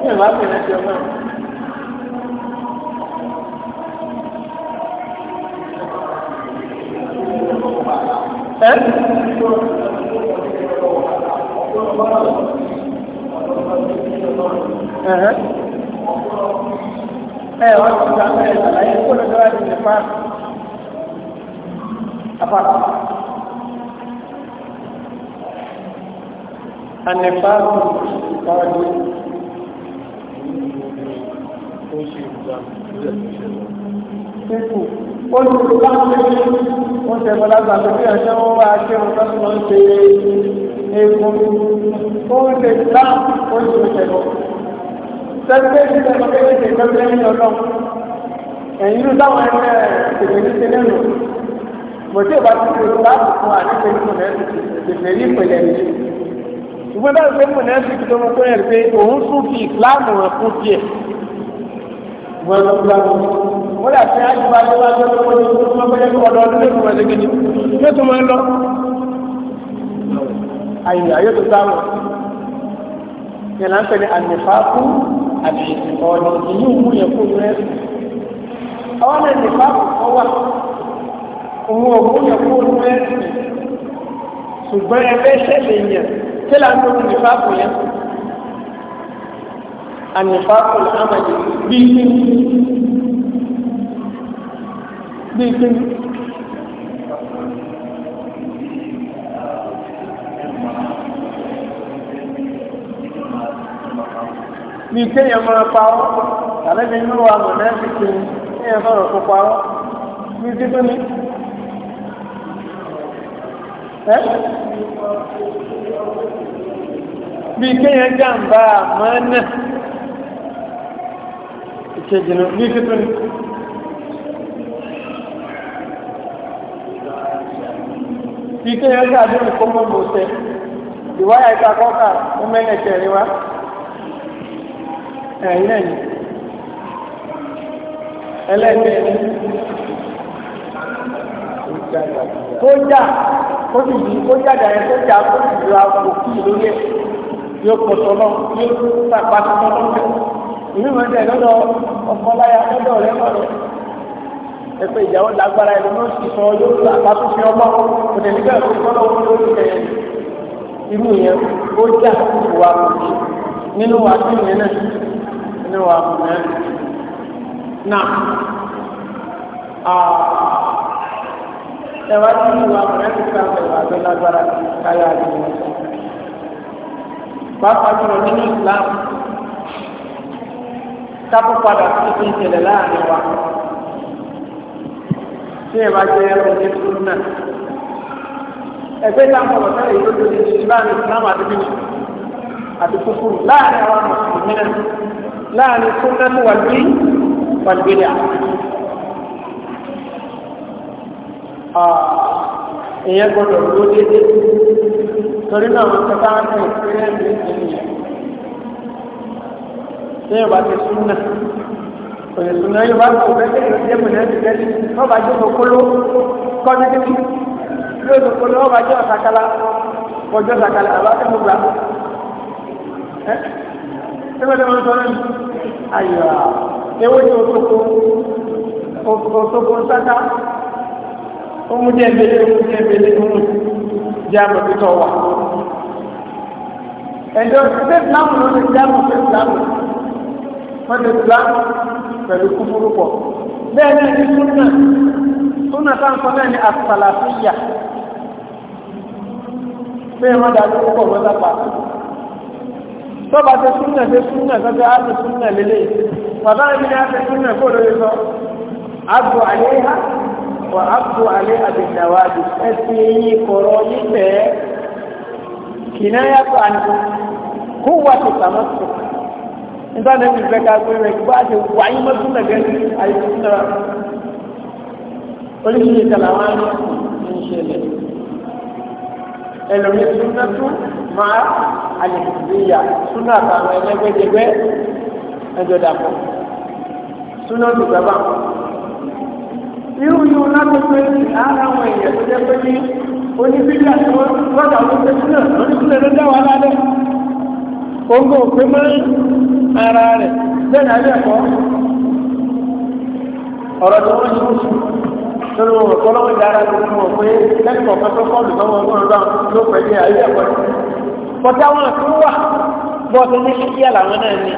Ní ìwà bẹ̀rẹ̀ ti ọmọ rẹ̀. Ẹ́ Ẹ ọ̀rọ̀ ìgbà mẹ́rin àlàyé kó lọ́dọ̀ láti lè pa apart. And the power power Olùkọ́ bá ń pè é, wọ́n ṣe bọ́lá gbàgbé bí ẹ̀ṣẹ́ wọ́n wá ṣe wọ́n tó wọ́n ṣe epo. Ó ń lè gbá oṣù ìṣẹ̀lọ̀. Sẹ́gbẹ́ ìṣẹ̀lọ̀ kékeré ṣe gbẹ́gbẹ́ nínú ọlọ́run. Ẹ̀yin ló dáwọn ẹgbẹ́ ìṣẹ̀lẹ̀ ní ṣe lẹ́nu bòtí ìbá ti fi olùkọ́ àbùkù àdìsẹ́ nínú rẹ̀ tètè rí ìpìlẹ̀ mi. ṣùgbọ́n báyìí pé mùnà fi tó mú pé rẹ̀ pé òun tún fi ìsìláàmù rẹ̀ kú díẹ̀. wọ́n lọ gba mi. wọ́n yà fi àjùbá tó wá tó lọ́wọ́ ní kó tó mọ́gbẹ́lẹ́ kọ́ ọdọọdún lè fún ẹ̀sẹ̀ gidi. yóò tó máa ń lọ. àyè àyè tó sáwọn. yẹn láǹfẹ̀ ni àmìfáàkú àti ọ̀nà ìyí òun ọ̀gbọ́n yẹn kó ní ẹ̀sìn ṣùgbọ́n ẹgbẹ́ ṣẹlẹ̀ yẹn tí là ń tó ní fáàpù yẹn ànífáàpù lámàjẹ bíi kí bíi kí bíi kéèyàn máa parọ́ tàbí nínú àwọn ẹ̀sìn kéèyàn sọ̀rọ̀ kó parọ́ bíi kí tó ní bí kéèyàn jàǹbá àmánà ìkejì ní bí tuntun ni. bí kéèyàn ṣàdúrà kó mọ́ mọ́ sẹ́ ìwáyà ìta kọ́kà ó mẹ́lẹ̀ tẹ̀lé wa ẹ̀yìn ẹ̀yìn ẹlẹ́gbẹ̀ẹ́ kó jà kó sì yí kó jàdà yẹn kó jà kó sì ra òkú lórí ẹ̀ yóò pọ̀ sọ́nà yóò pàpà sọ́nà lọ́sẹ̀ ìlú ìwé ẹ̀ lọ́dọ̀ ọkọ̀ láyà lọ́dọ̀ rẹ̀ mọ̀ rẹ̀ ẹgbẹ́ ìyàwó lágbára ẹni ló sì sọ yóò lọ àpapọ̀ fi ọmọ kò tẹ̀lé bẹ́ẹ̀ kó sọ́nà owó lórí ẹ̀ irú yẹn ó jà ìwà òkè nínú wa sí ìyẹn náà nínú wa kò náà náà ẹ̀wá tí ìwà ọ̀rẹ́ ti ká ẹ̀wà tó lágbára káyà àdúgbò. pàápàá jùlọ nínú Islam sábò padà tuntun ìṣẹ̀lẹ̀ láàrin wa tí ẹ̀ bá jẹ́ oúnjẹ tuntun náà. ẹgbẹ́ táwọn ọ̀rọ̀ sẹ́yìn tó dòdò ìṣìláàrin Islam àdúgbò àti kúkúrú láàrin àwọn mùsùlùmí náà láàrin tó náà wà ní wàlúwẹ̀lẹ̀ àwọn èyẹ gbọdọ̀ ló dédé torí náà wọn tẹ bá ń tẹ ìpínlẹ̀ mi ènìyàn ṣé yóò bá ti súnà òyìn súnà yóò bá tó bẹ́ẹ̀ tẹ̀lé ọjọ́ ìmọ̀lẹ́ ti tẹ́lẹ̀ wọ́n bá jẹ́ òkolo kọ́ ní kíkí yóò tó kolo wọ́n bá jẹ́ ọ̀sàkálà ọjọ́ ọ̀sàkálà àbáfẹ́ mo gbà ẹ́ ẹ́ bẹ́ẹ̀ tẹ́lẹ̀ sọ́nà ayọ̀ ewé ni o tó kó o tó kó sáká ọmú jẹ́bẹ̀lẹ̀ ọmú jẹ́bẹ̀lẹ̀ ọmú jáàmù títọ́ wà ẹ̀dọ́ fẹ́sìlámù ló ti jáàmù fẹ́sìlámù wọ́n ti fìlámù pẹ̀lú kúfúrú pọ̀ bẹ́ẹ̀ náà ní súnà súnà tá à ń sọ náà ní àsàlàfíyà bẹ́ẹ̀ wọ́n dájú púpọ̀ wọ́n dápa tọ́ba ti súnà ti súnà tọ́jú á ti súnà lélẹ̀ bàbá mi ní á ti súnà kó lóye sọ àbò àléhà wà á kó alẹ́ àbẹ̀dàwádì ẹ̀sìn yìí kọ̀rọ̀ nífẹ̀ kìnnáyàtọ̀ àti kó wà tó sàmọ́sọ̀ nígbà náà nífẹ̀ ká gbé rẹ̀ bá a ti wà yín mọ́tò nàgẹ́ ní àyíkú náà oríṣi ìtàlà wọn ní ìṣẹ̀lẹ̀ ẹlòmí súnátú máa àlèkùnléyà súnà àtàwọn ẹlẹ́gbẹ́jẹgbẹ́ ẹjọ́ dàpọ̀ súnátù bàbá irú yìí láti pé ní àwọn èèyàn tó jẹ́ pé ní oníbílẹ̀ àti wọn lọ́dà tó pé sílẹ̀ oníbílẹ̀ ló dá wa lálẹ́ ogun òpin mọ́ ara rẹ̀ bẹ́ẹ̀ ni alẹ́ ẹ̀kọ́ ọ̀rọ̀ tó wọ́n ṣe oṣù lórí wọn ìdára tó fún wọn pé lẹ́kọ̀ọ́ kan tó tó wọn gbọ́n lọ́wọ́ ló pẹ̀lú ayé ẹ̀kọ́ bọ́tá wọn tó wà bọ́ọ̀tún ní kíkíà làwọn náà ní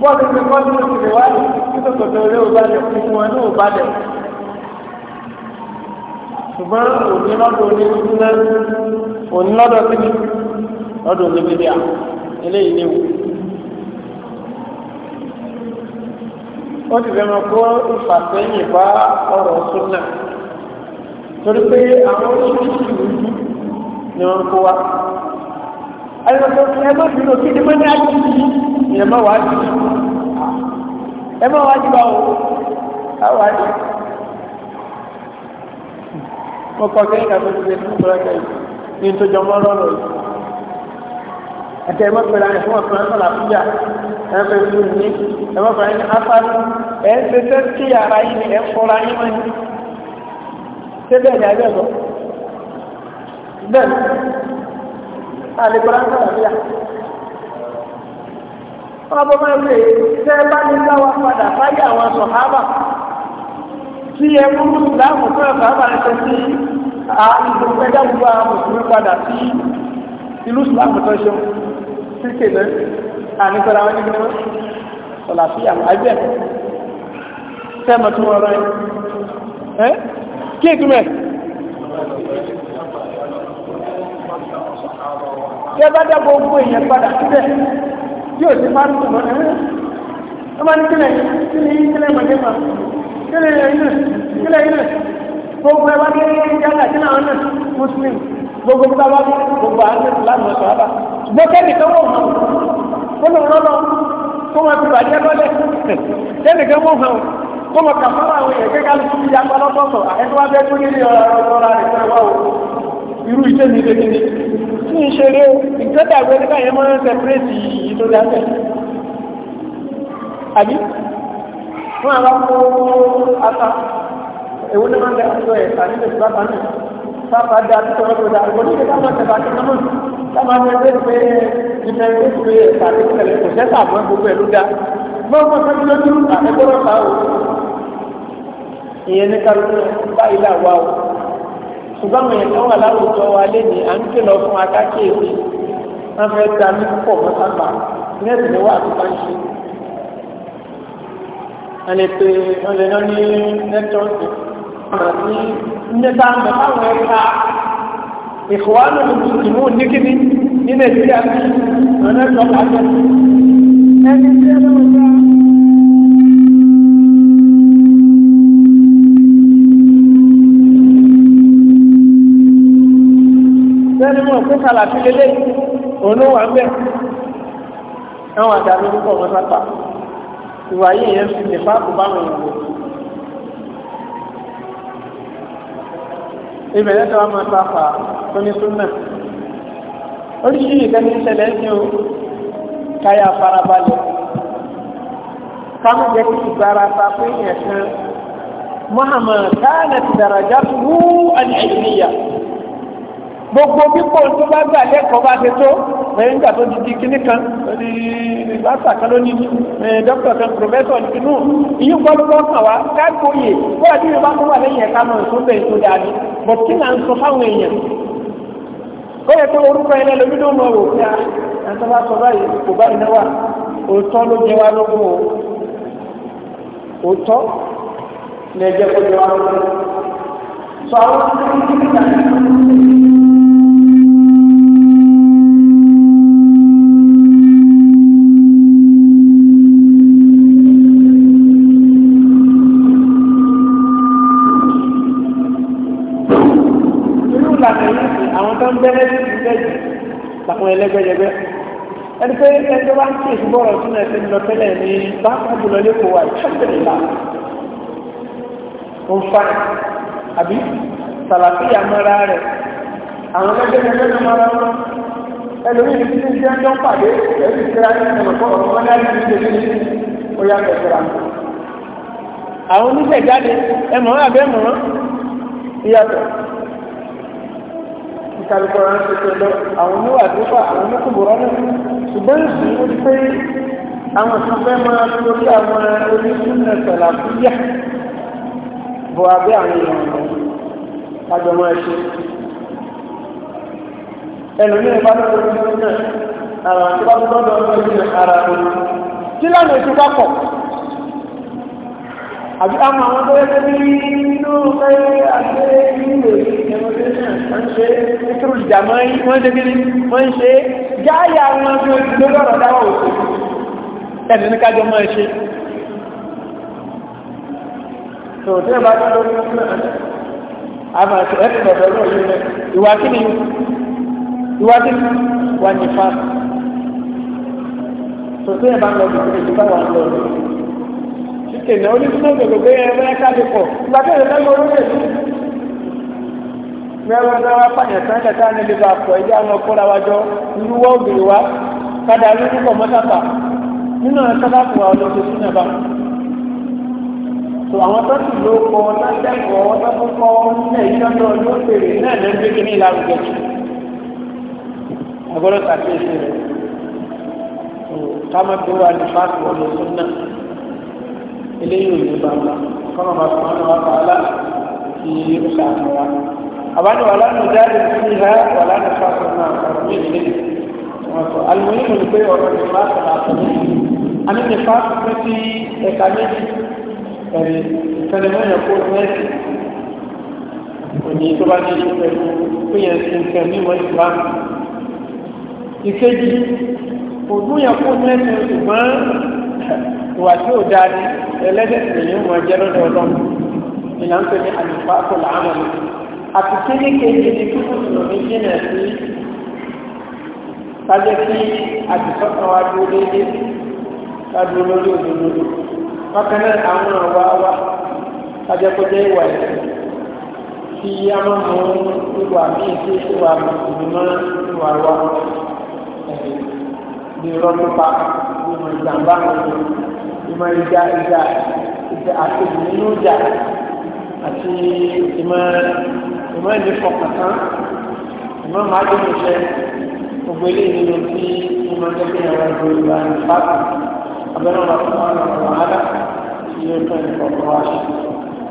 bọ́ọ̀lù ti bọ́ọ̀lù ti ti wá lò kí tó ilé fún wọn ní ṣùgbọ́n òní lọ́dọ̀ òní lọ́dọ̀ síbi lọ́dọ̀ à eléyìí ti fẹ́ràn kó ìfàsẹ́yìn bá ọ̀rọ̀ súnà torí pé àwọn ìlú ni wọ́n kó wa. tó fi ẹgbẹ́ ìyẹn má wàá dì ẹ má wàá dì báwo á wàá dì mo kọ kí ẹ̀ka tó ti ṣe fún ìgbọ́lọ́kẹ́ yìí ní tó jọ mọ́ lọ́rọ̀ yìí ẹ̀ka ẹ̀ mọ́pẹ̀lá ẹ̀ fún ọ̀sán ẹ̀fọ́ làbújá ẹ̀ fẹ́ fún mi ẹ̀ mọ́pẹ̀lá ẹ̀ afárí ẹ̀ ń ṣe tẹ́ kí ara yìí ni ẹ̀ ń fọ́ra yín mọ́ yìí ṣé bẹ́ẹ̀ ni abẹ́ lọ bẹ́ẹ̀ àlekọ́lá ń sọ̀rọ̀ ọmọ máa lè tẹ́ bá ní láwa padà fáyé àwọn sọ̀hábà tí ẹ mú ìdáàmú tó ẹ̀fà bá ń ṣe sí àìsàn ẹ̀dá gbogbo àwọn mùsùlùmí padà sí ìlú ìsìláàmù tó ṣe sí kèlè àníkọ́ra wọn nígbà wọn sọ̀là sí àwọn àjẹ́ tẹ́mọ̀ tí wọ́n rẹ̀ ẹ́ kí ìtumẹ̀ tẹ́ bá dá gbogbo èèyàn padà síbẹ̀ yóò ti máa rúkú mọ́ ẹ́ ẹ́ máa ní kílẹ̀ kílẹ̀ yìí kílẹ̀ mọ̀jẹ́ mọ̀ kílẹ̀ yìí kílẹ̀ yìí gbogbo ẹ bá dé yálà kílẹ̀ àwọn náà muslim gbogbo bí táwa gbogbo àwọn ìsìlámù ọ̀sọ̀ àbá ṣùgbọ́n kẹ́ni tó wọ̀ hàn kó lọ rọ́lọ́ kó wọn ti bàjẹ́ lọ́lẹ̀ kẹ́ni tó wọ̀ hàn kó wọn kà fún àwọn èèyàn kékeré alùpùpù yìí apá lọ́tọ̀ọ̀tọ̀ àyẹ̀tọ́ wa bẹ́ẹ̀ tó nílé ọ̀rọ̀ ọ̀rọ̀ ní ìṣeré ìjọba ìwé nígbà yẹn máa ń sẹpẹrẹtì yìí tó dáṣẹ àbí fún àwọn kó ata èwo ní máa ń dẹ́kun tó ẹ̀ àti ìṣèlú bàbá náà sábà dá tó tọrọ tó dá ìwọ ní ìṣèlú àwọn ọ̀sẹ̀ bàtí náà sábà fẹ́ pé ìfẹ́ tó fi ẹ̀ tàbí tẹ̀lé kò sẹ́sà o ìyẹn ní kálukú báyìí là wà ṣùgbọ́n àwọn èèyàn wà láwùjọ wa lẹ́nu à ń kìlọ̀ fún akákèéfì wọ́n fẹ́ da mí pọ̀ mọ́ sábà nẹ́ẹ̀sì ni wà á ti bá ń ṣe. wọ́n lè wọ́n lè lọ ní nẹ́tọ́ọ̀sì ọ̀nà tí nígbà mẹ́fàwọn ẹ̀ka ìkọ̀wánù ìmú níkíní ní nàìjíríà ní ọ̀nà ìjọba àjọ pé kàlàfí lélẹ̀ òun ló wà ń bẹ̀ àwọn àdàlú púpọ̀ wọn sápà ìwà yìí yẹn fi lè fáàbù báwọn ìwò ìbẹ̀rẹ̀ tó wá máa sáfà tó ní súnmọ̀ oríṣiríṣi ìkẹ́ni ìṣẹ̀lẹ̀ ń ṣe o káyà farabalẹ̀ kámẹ́jẹ́ kí ìgbára ta pé yẹn kan mọ́hàmà káàlẹ̀ tìdàràjà tó wú àdìyẹ gbogbo pípọ̀ tó bá gbà lẹ́kọ̀ọ́ bá ṣe tó ẹ̀yìn ìgbà tó di di kíní kan ní ìgbàsà kan ló ní dókítà kan pòfẹ́sọ̀ nínú ìyún kọ́ ló kọ́ kàn wá káàkó yè wọ́n àti yorùbá tó wà lẹ́yìn ẹ̀ka náà tó bẹ̀ tó dáa ní bọ̀t kí náà ń sọ fáwọn èèyàn ó yẹ pé orúkọ yẹn lẹ́nu ló mọ̀ wò pé àtọ́ bá sọ báyìí kò bá àwọn ẹlẹ́gbẹ́jẹgbẹ́ ẹni pé ẹjọ́ bá ń kí ìṣubọ̀rọ̀ sínú ẹsẹ̀ lọ tẹ́lẹ̀ ní báńkà jùlọ lẹ́kọ̀ọ́ wa ìṣàkẹ́lẹ́lá ó ń fa àbí sàlàfíà mọ́ra rẹ̀ àwọn ẹlẹ́gbẹ́jẹgbẹ́ ló mọ́ra wọn ẹlòmíì tí ń jẹ́ ọjọ́ pàdé ẹ̀rí ìṣẹ́ra ní ọ̀pọ̀ ọ̀pọ̀ láti ní ìṣẹ́ ní ó yá pẹ̀sẹ̀ra àwọn oníṣẹ́ jáde ẹmọ̀ àbẹ́mọ̀ ìyàtọ̀ kálukọ ra ń ṣe pẹ̀lú àwọn oníwà àdúgbò àwọn oníkùnbọrọ náà ṣùgbọ́n ìsìn ó ti pé àwọn kan fẹ́ máa tó bí àwọn oníṣúná sọ̀là tó yà bọ abẹ́ àwọn èèyàn ọ̀nà kájọ máa ṣe ẹnu ní ìbá lọ́dọ̀ oníṣúná ara tó bá tó lọ́dọ̀ oníṣúná ara tó kí lánà ètò bá pọ̀ àbí àwọn àwọn tó yẹ kó bí inú fẹ́ àti ilé wọ́n ṣe kíkúrú ìjàmọ́ yìí wọ́n ṣe kíni wọ́n ṣe jáyà wọn bí ojú lórí ọ̀rọ̀ dáwọ̀ òkú ẹ̀mí ní kájọ mọ́ ṣe tó tí ẹ bá tó lórí ọ̀rọ̀ náà a máa ṣe ẹ̀kọ́ bẹ̀rẹ̀ lórí rẹ̀ ìwà kíni ìwà kíni wà ní fa tó tí ẹ bá lọ bí ìjọba wà lọ rẹ̀ ṣíkè náà oníṣẹ́ gbẹ̀gbẹ̀ ẹ̀rẹ́ kájọ mẹ́rọ̀dá wa pààyàn kan kẹta ní lébà pọ̀ ẹ̀jẹ̀ àwọn ọkọ̀ làwájọ́ irú wọ́n òbèrè wa padà rí púpọ̀ mọ́tàpá nínú àwọn sábà fún wa ọlọ́dún sí náà bá tó àwọn tó sì ló kọ ọtá lẹ́kọ̀ọ́ ọtá tó kọ́ nílẹ̀ yìí lọ́dọ̀ ló bèrè náà ló ń gbé kíní ìlàrúgẹ jù àgọ́dọ̀ tàkíyèsí rẹ̀ ká má bí wà ní fásitì ọlọ́dún sí náà eléyìí ò ní bàbá kọ́nà bàbá wọn wà bàálà àbáni wà lánàá jáde sí ha wà lánàá fásitì náà ọ̀rọ̀ mi ìdílé wọn alùmọ́yìn mi pé ọ̀rọ̀ mi máa sọ̀rọ̀ àtọ̀mí àmì mi fásitì pé sí ẹ̀ka méjì ẹ̀rí ìfẹ̀lẹ́mọ́yìn kó mẹ́sì òní tó bá ní ìṣe pẹ̀lú pé yẹn ti ń fẹ́ mímọ́ ìsìlámù ìkejì òdún yẹn kó mẹ́sì ṣùgbọ́n ìwà tí ò dáa ní ẹlẹ́dẹ̀ẹ́sì lèyìn mọ̀ jẹ́ lọ́dọ̀ ọlọ́run ìlànà pé ní àlùfáà kò láàmú àti kíní kejì ní kúkú tùmí jìnà sí kájẹ́ kí àdìsọ́kàn wa dúró déédéé kájú lórí òdodo bákan náà àwọn àwa wa kájẹ́ kó jẹ́ ìwà ẹ̀sìn kí a máa mú ìwà míì sí ìwà ìdùnnú ìwà wa bí irọ́ pípa ìmọ̀ ìjàmbá ìmọ̀ ìjà ìjà ìjà àti ìdùnnú ìjà àti ìmọ̀. ìmọ̀ ẹni fọkàn tán ìmọ̀ máa dé mi jẹ gbogbo eléyìí nínú tí mo máa jẹ́ kí ẹ̀rọ ìgbò ìgbà ní pàtó abẹ́rẹ́ wọn fún wọn lọ́wọ́ wàhálà tí yóò tán ní kọ̀ọ̀kan wá ṣe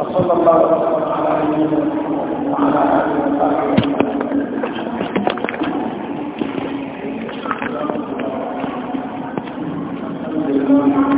ọ̀sán lọ́wọ́ wàhálà ní ìlú wàhálà àti wàhálà